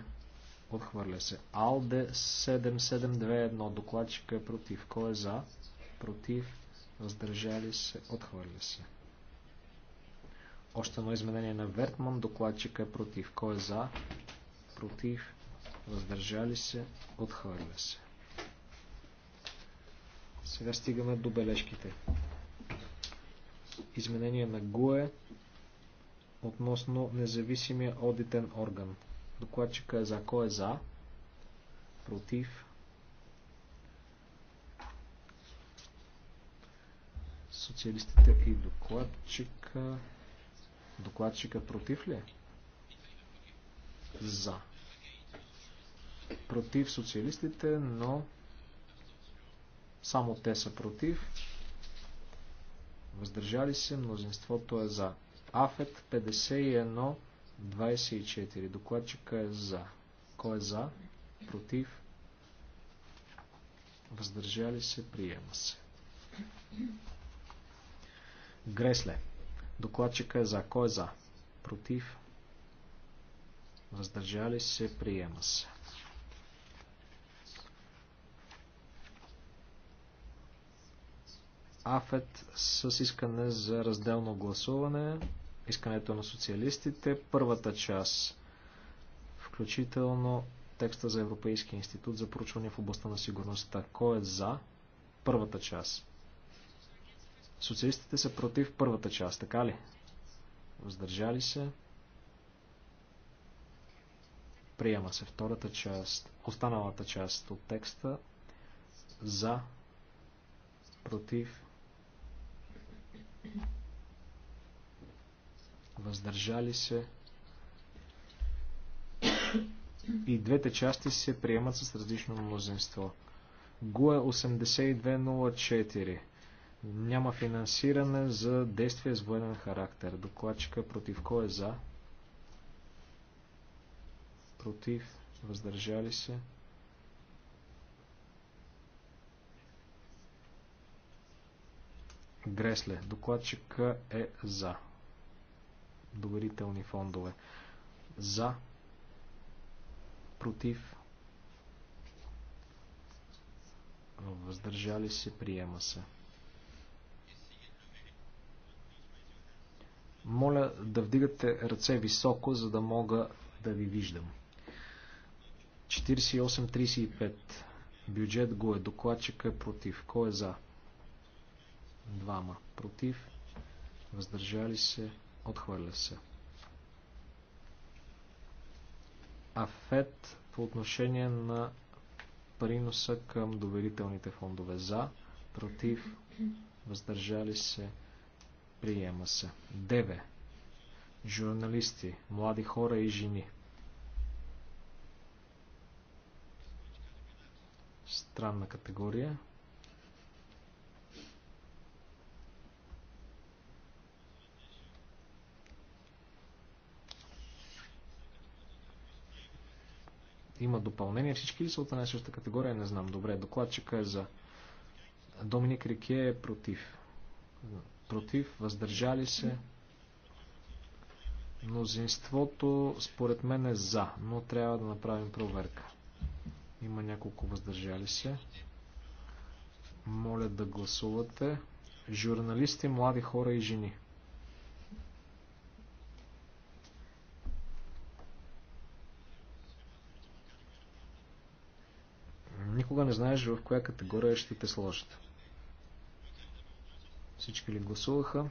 Отхвърля се. Алде 7721. Докладчика е против. Кой е за? Против. Въздържали се. Отхвърля се. Още едно изменение на Вертман. Докладчика е против. Кой е за? Против. Въздържали се. Отхвърля се. Сега стигаме до бележките. Изменение на ГУЕ относно независимия одитен орган. Докладчика е за. Кой е за? Против. Социалистите и докладчика. Докладчика е против ли е? За. Против социалистите, но само те са против. Въздържали се, мнозинството е за. Афет 51 24. Докладчика е за. Кой е за? Против? Въздържали се? Приема се. Гресле. Докладчика е за. Кой е за? Против? Въздържали се? Приема се. Афет с искане за разделно гласуване искането на социалистите. Първата част, включително текста за Европейски институт за проучване в областта на сигурността. Кой е за първата част? Социалистите са против първата част, така ли? Въздържали се. Приема се втората част, останалата част от текста за, против, въздържали се. И двете части се приемат с различно мнозинство. ГУЕ 8204. Няма финансиране за действие с военен характер. Докладчика против кой е за? Против. Въздържали се. Гресле. Докладчика е за доверителни фондове. За, против, въздържали се, приема се. Моля да вдигате ръце високо, за да мога да ви виждам. 48-35. Бюджет го е. Докладчика е против. Кой е за? Двама. Против. Въздържали се. Отхвърля се. Афет по отношение на приноса към доверителните фондове за, против, въздържали се, приема се. Деве. Журналисти, млади хора и жени. Странна категория. има допълнение. Всички ли са от една същата категория? Не знам. Добре, докладчика е за. Доминик Рике е против. Против, въздържали се. Мнозинството според мен е за, но трябва да направим проверка. Има няколко въздържали се. Моля да гласувате. Журналисти, млади хора и жени. никога не знаеш в коя категория ще те сложат. Всички ли гласуваха?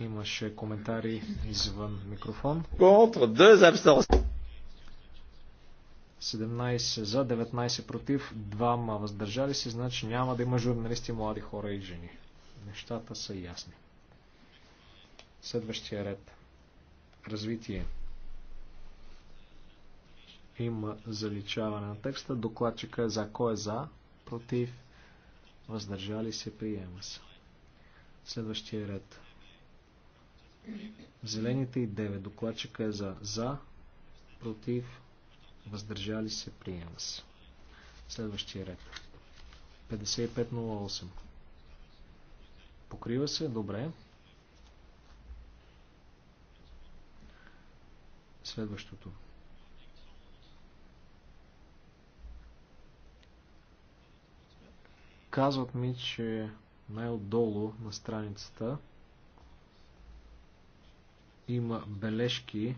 Имаше коментари извън микрофон. 17 за, 19 против, 2 въздържали се, значи няма да има журналисти, млади хора и жени. Нещата са ясни. Следващия ред. Развитие. Има заличаване на текста. Докладчика е за. Кой е за? Против. Въздържали се. Приема се. Следващия ред. Зелените и 9. Докладчика е за. За. Против. Въздържали се. Приема се. Следващия ред. 5508. Покрива се. Добре. Следващото. 5509. Казват ми, че най-отдолу на страницата има бележки,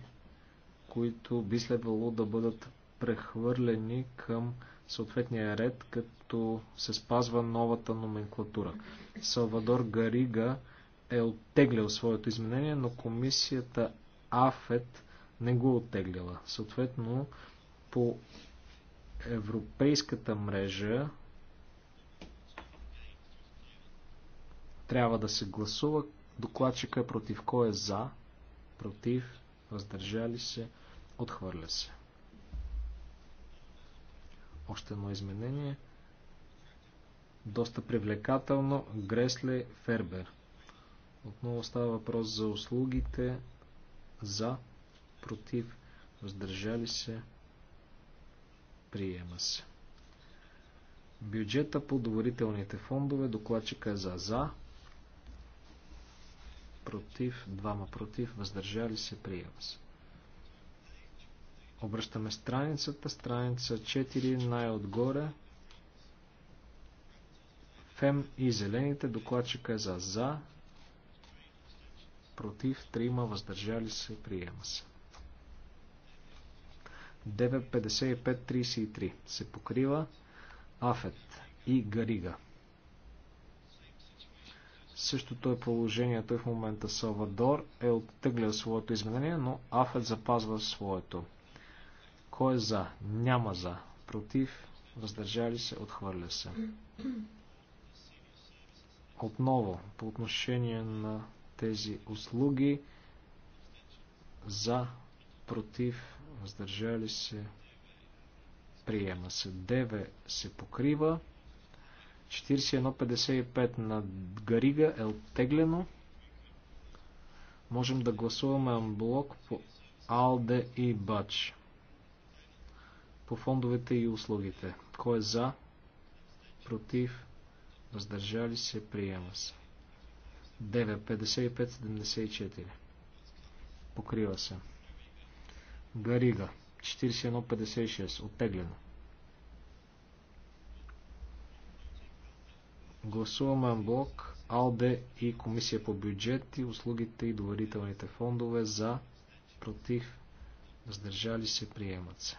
които би следвало да бъдат прехвърлени към съответния ред, като се спазва новата номенклатура. Салвадор Гарига е оттеглял своето изменение, но комисията АФЕТ не го оттегляла. Съответно, по европейската мрежа Трябва да се гласува. Докладчика е против. Кой е за? Против. Въздържали се. Отхвърля се. Още едно изменение. Доста привлекателно. Гресле Фербер. Отново става въпрос за услугите. За. Против. Въздържали се. Приема се. Бюджета по доверителните фондове. Докладчика е за. За против, 2 против, въздържали се, приема се. Обръщаме страницата, страница 4 най-отгоре. Фем и зелените, докладчика е за за, против, 3 въздържали се, приема се. 9.55.33 се покрива Афет и Гарига. Същото е положението в момента. Салвадор е оттеглял своето изменение, но Афет запазва своето. Кой е за? Няма за. Против? Въздържали се? Отхвърля се. Отново, по отношение на тези услуги, за, против, въздържали се, приема се. Деве се покрива. 41.55 на Гарига е оттеглено. Можем да гласуваме блок по Алде и Бач. По фондовете и услугите. Кой е за? Против? Въздържали се? Приема се. 9.55.74 Покрива се. Гарига. 41.56. Оттеглено. Гласуваме блок АЛДЕ и Комисия по бюджет и услугите и доверителните фондове за, против, въздържали се, приемат се.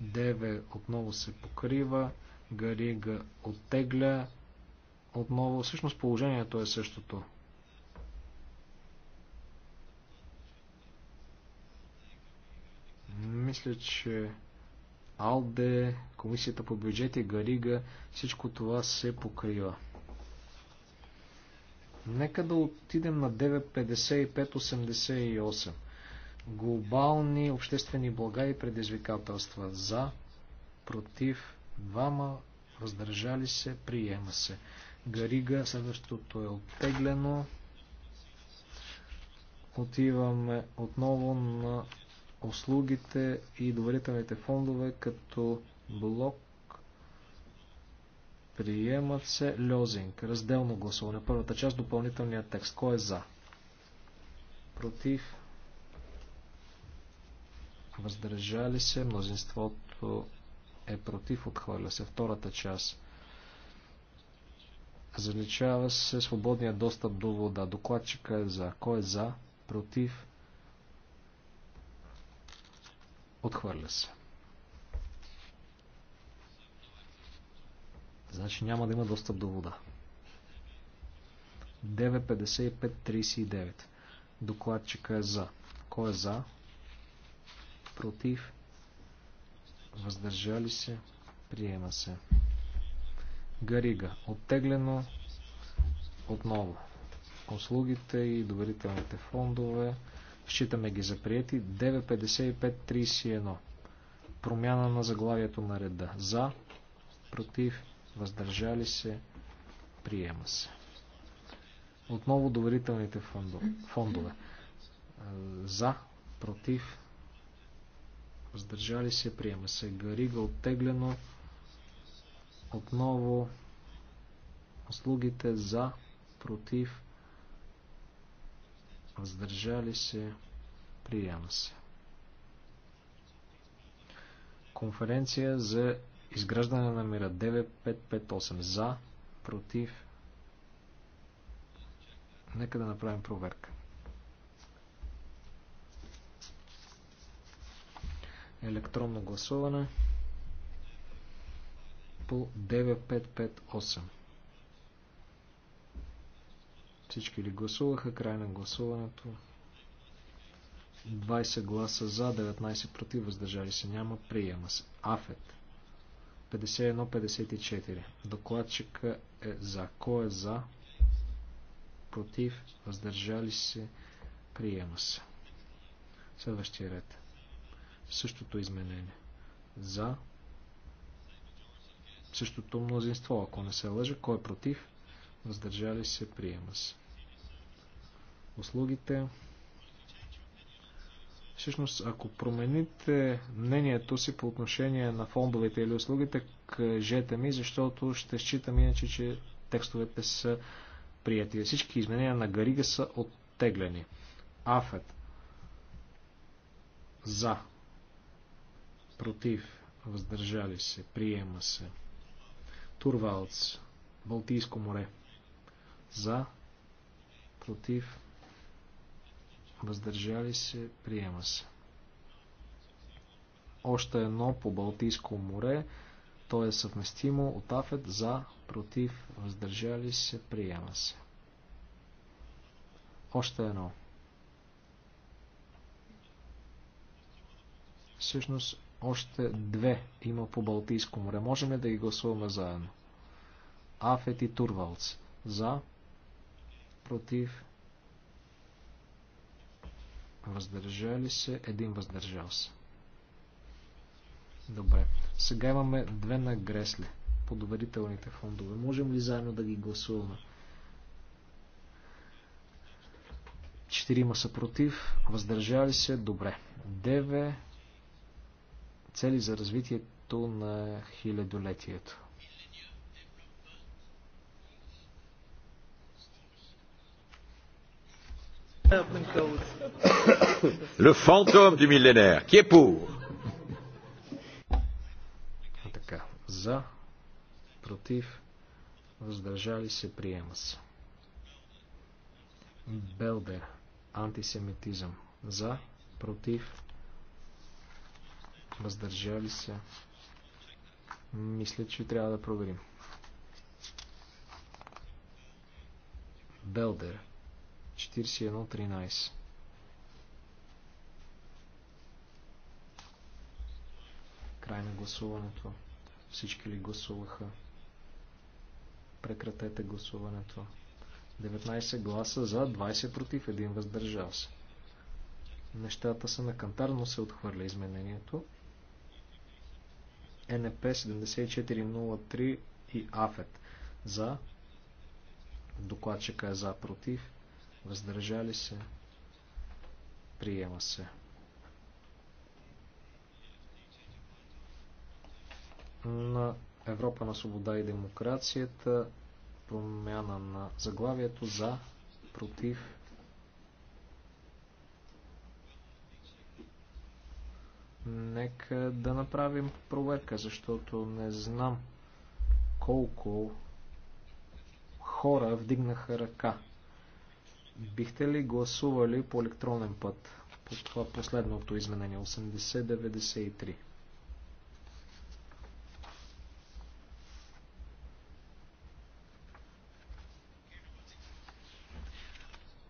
ДВ отново се покрива, Гарига оттегля, отново, всъщност положението е същото. Мисля, че АЛДЕ, Комисията по бюджет и Гарига, всичко това се покрива. Нека да отидем на 95588. Глобални обществени блага и предизвикателства. За, против, двама, въздържали се, приема се. Гарига, следващото е оттеглено. Отиваме отново на услугите и доверителните фондове като блок. Приемат се лозинг. Разделно гласуване. Първата част, допълнителния текст. Кой е за? Против? Въздържали се. Мнозинството е против. Отхвърля се. Втората част. Заличава се свободния достъп до вода. Докладчика е за. Кой е за? Против? Отхвърля се. Значи няма да има достъп до вода. 9.55.39 Докладчика е за. Кой е за? Против? Въздържали се? Приема се. Гарига. Оттеглено отново. Услугите и доверителните фондове. Считаме ги за прияти. 95531. Промяна на заглавието на реда. За, против, въздържали се, приема се. Отново доверителните фондове. За, против, въздържали се, приема се. Гарига оттеглено. Отново услугите за, против, въздържали се, приема се. Конференция за изграждане на мира 9558 за, против. Нека да направим проверка. Електронно гласуване по 9558. Всички ли гласуваха? Край на гласуването. 20 гласа за, 19 против, въздържали се няма. Приема се. Афет. 51-54. Докладчика е за. Кой е за? Против, въздържали се. Приема се. Следващия ред. Същото изменение. За. Същото мнозинство. Ако не се лъжа, кой е против? Въздържали се. Приема се услугите. Всъщност, ако промените мнението си по отношение на фондовете или услугите, кажете ми, защото ще считам иначе, че текстовете са прияти. Всички изменения на Гарига са оттеглени. Афет. За. Против. Въздържали се. Приема се. Турвалц. Балтийско море. За. Против въздържали се, приема се. Още едно по Балтийско море, то е съвместимо от Афет за, против, въздържали се, приема се. Още едно. Всъщност, още две има по Балтийско море. Можем ли да ги гласуваме заедно? Афет и Турвалц. За, против, въздържали се, един въздържал се. Добре. Сега имаме две нагресли. Подоверителните фондове. Можем ли заедно да ги гласуваме? Четирима са против. Въздържали се. Добре. Деве. Цели за развитието на хилядолетието. Le fantôme du millénaire. Qui est pour? Така. За. Против. Въздържали се. Приема се. Белдер. Антисемитизъм. За. Против. Въздържали се. Мисля, че трябва да проверим. Белдер. 41.13. Край на гласуването. Всички ли гласуваха? Прекратете гласуването. 19 гласа за, 20 против, 1 въздържал се. Нещата са на кантар, но се отхвърля изменението. НП 7403 и АФЕТ за. Докладчика е за, против, въздържали се, приема се. На Европа на свобода и демокрацията, промяна на заглавието за, против, Нека да направим проверка, защото не знам колко хора вдигнаха ръка. Бихте ли гласували по електронен път по това последното изменение 8093?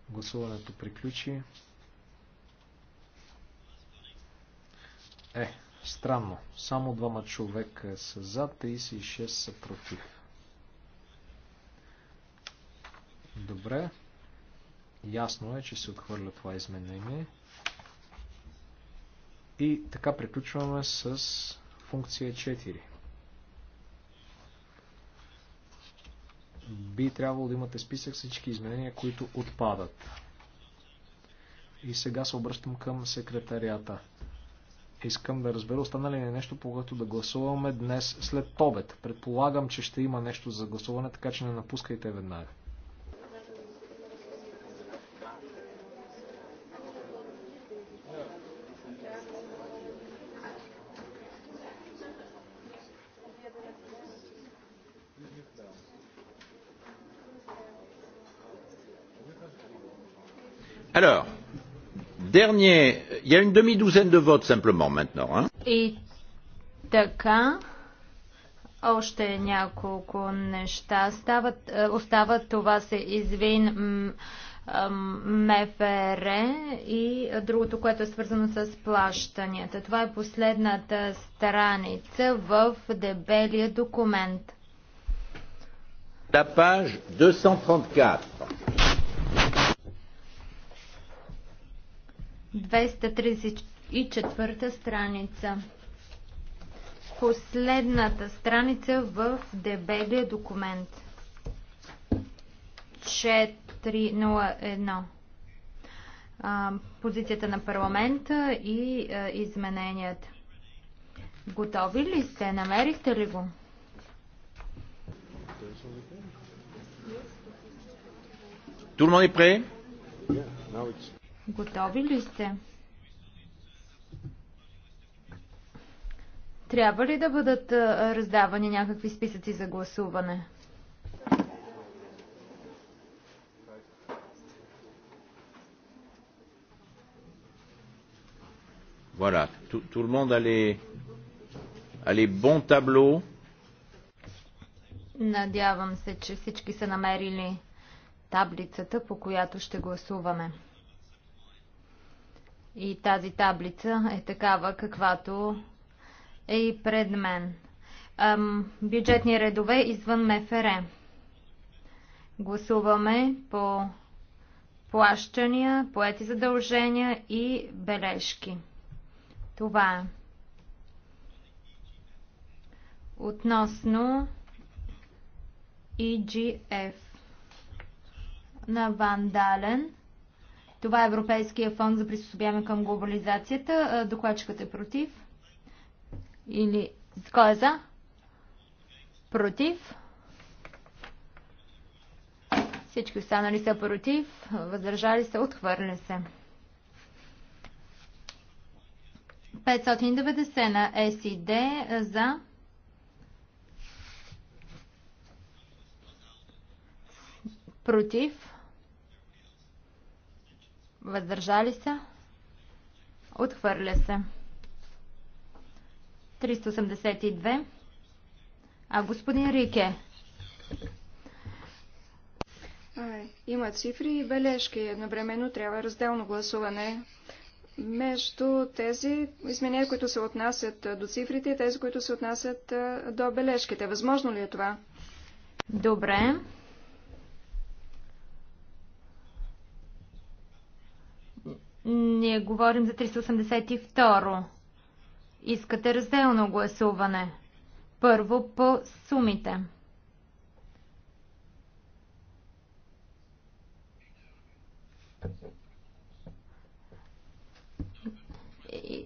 Гласуването приключи. Е, странно. Само двама човека са за, 36 са против. Добре. Ясно е, че се отхвърля това изменение. И така приключваме с функция 4. Би трябвало да имате списък всички изменения, които отпадат. И сега се обръщам към секретарията. Искам да разбера, остана ли не нещо, по което да гласуваме днес след обед. Предполагам, че ще има нещо за гласуване, така че не напускайте веднага. Dernier, il y a une demi-douzaine de votes simplement maintenant. Hein. И така, още няколко неща стават, е, остават. Това се извин е, МФР и другото, което е свързано с плащанията. Това е последната страница в дебелия документ. Та 234. 234 страница. Последната страница в дебелия документ. 401. Позицията на парламента и измененията. Готови ли сте? Намерихте ли го? Tout le monde est prêt? Yeah, Готови ли сте? Трябва ли да бъдат раздавани някакви списъци за гласуване? Voilà, tout, tout le monde a les, a les bons tableaux. Надявам се, че всички са намерили таблицата, по която ще гласуваме. И тази таблица е такава, каквато е и пред мен. бюджетни редове извън МФР. Гласуваме по плащания, поети задължения и бележки. Това е. Относно EGF на Вандален. Това е Европейския фонд за приспособяване към глобализацията. Е, докладчикът е против. Или кой е за? Против. Всички останали са против. Въздържали се, отхвърли се. 590 на СИД е, за против въздържали се, отхвърля се. 382. А господин Рике? Има цифри и бележки. Едновременно трябва разделно гласуване между тези изменения, които се отнасят до цифрите и тези, които се отнасят до бележките. Възможно ли е това? Добре. Ние говорим за 382. Искате разделно гласуване. Първо по сумите.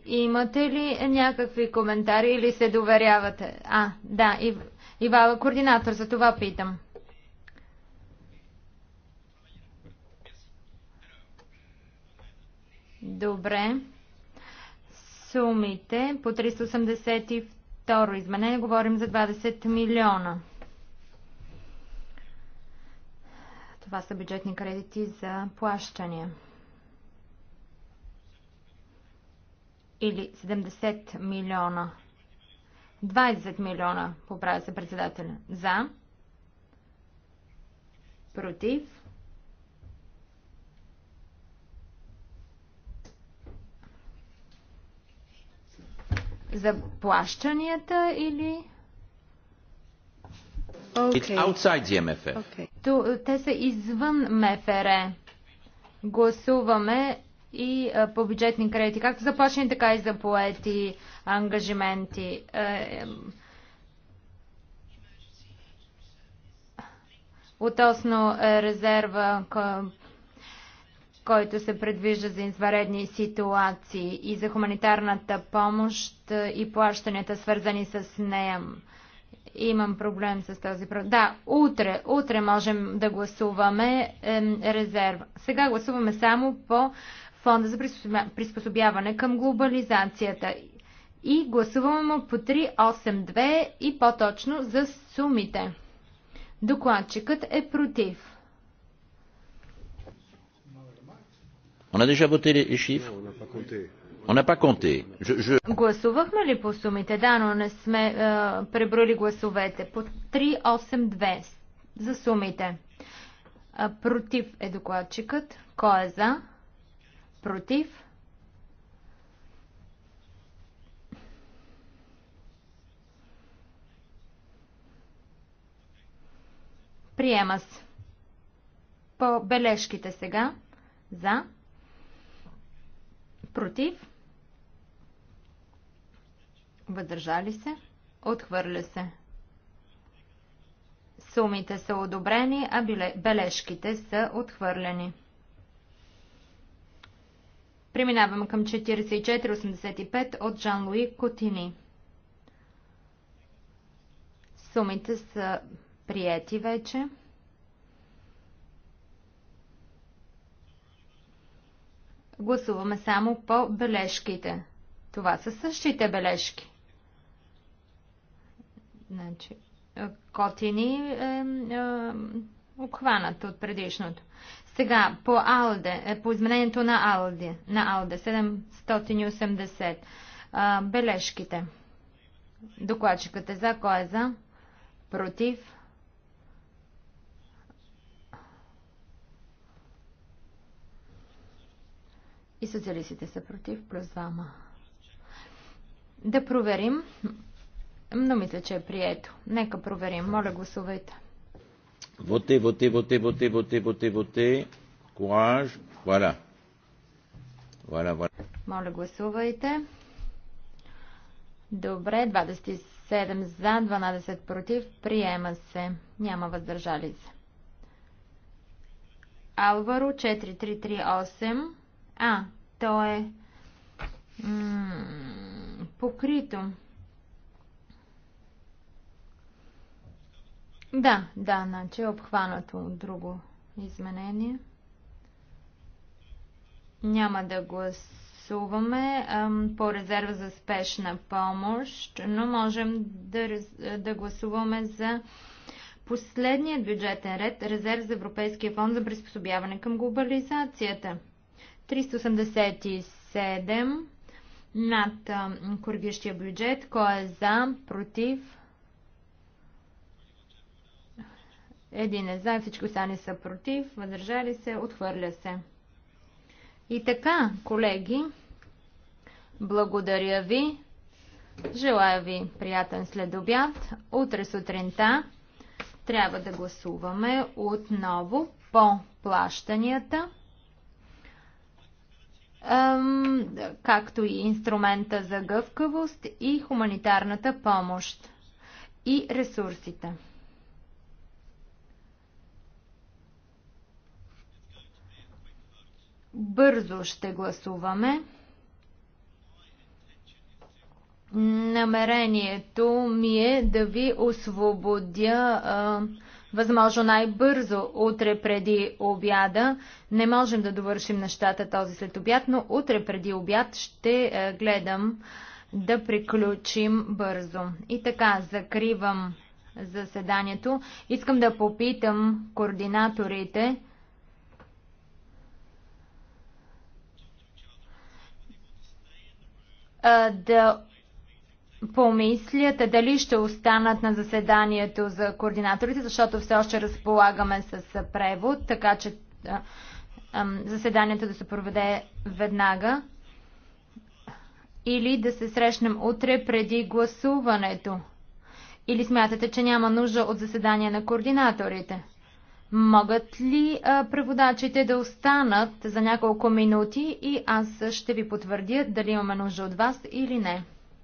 Имате ли някакви коментари или се доверявате? А, да, Ивала, координатор, за това питам. Добре. Сумите по 382 изменение говорим за 20 милиона. Това са бюджетни кредити за плащания. Или 70 милиона. 20 милиона, поправя се председателя. За. Против. За плащанията или... Okay. То, те са извън МФР. Гласуваме и а, по бюджетни кредити, както за плащане, така и за поети ангажименти. Е, относно е, резерва към който се предвижда за изваредни ситуации и за хуманитарната помощ и плащанията свързани с нея. Имам проблем с този проблем. Да, утре, утре можем да гласуваме е, резерва. Сега гласуваме само по фонда за приспособяване към глобализацията. И гласуваме му по 382 и по-точно за сумите. Докладчикът е против. On a déjà voté les chiffres On n'a pas compté. Je, je... Гласувахме ли по сумите? Да, но не сме преброили гласовете. По 2 за сумите. против е докладчикът. Кой е за? Против? Приема се. По бележките сега. За. Против. Въздържали се. Отхвърля се. Сумите са одобрени, а бележките са отхвърлени. Преминавам към 4485 от Жан-Луи Котини. Сумите са прияти вече. гласуваме само по бележките. Това са същите бележки. Значи, е, Котини е, е, обхванат от предишното. Сега, по Алде, е, по изменението на Алде, на Алде 780, е, бележките. Докладчикът е за, кой е за? Против? и социалистите са против, плюс двама. Да проверим, но мисля, че е прието. Нека проверим. Моля, гласувайте. Воте, воте, воте, воте, воте, воте, воте. Кораж. Voilà. Voilà, voilà. Моля, гласувайте. Добре, 27 за, 12 против. Приема се. Няма въздържали се. Алваро 4338. А, то е покрито. Да, да, значи е обхванато от друго изменение. Няма да гласуваме по резерва за спешна помощ, но можем да, да гласуваме за последния бюджетен ред резерв за Европейския фонд за приспособяване към глобализацията – 387 над коригиращия бюджет. Кой е за? Против? Един е за, всички остани са против, въздържали се, отхвърля се. И така, колеги, благодаря ви. Желая ви приятен следобяд. Утре сутринта трябва да гласуваме отново по плащанията както и инструмента за гъвкавост и хуманитарната помощ и ресурсите. Бързо ще гласуваме. Намерението ми е да ви освободя а, възможно най-бързо утре преди обяда. Не можем да довършим нещата този след обяд, но утре преди обяд ще е, гледам да приключим бързо. И така, закривам заседанието. Искам да попитам координаторите. Е, да Помисляте дали ще останат на заседанието за координаторите, защото все още разполагаме с превод, така че заседанието да се проведе веднага или да се срещнем утре преди гласуването. Или смятате, че няма нужда от заседание на координаторите? Могат ли а, преводачите да останат за няколко минути и аз ще ви потвърдя дали имаме нужда от вас или не?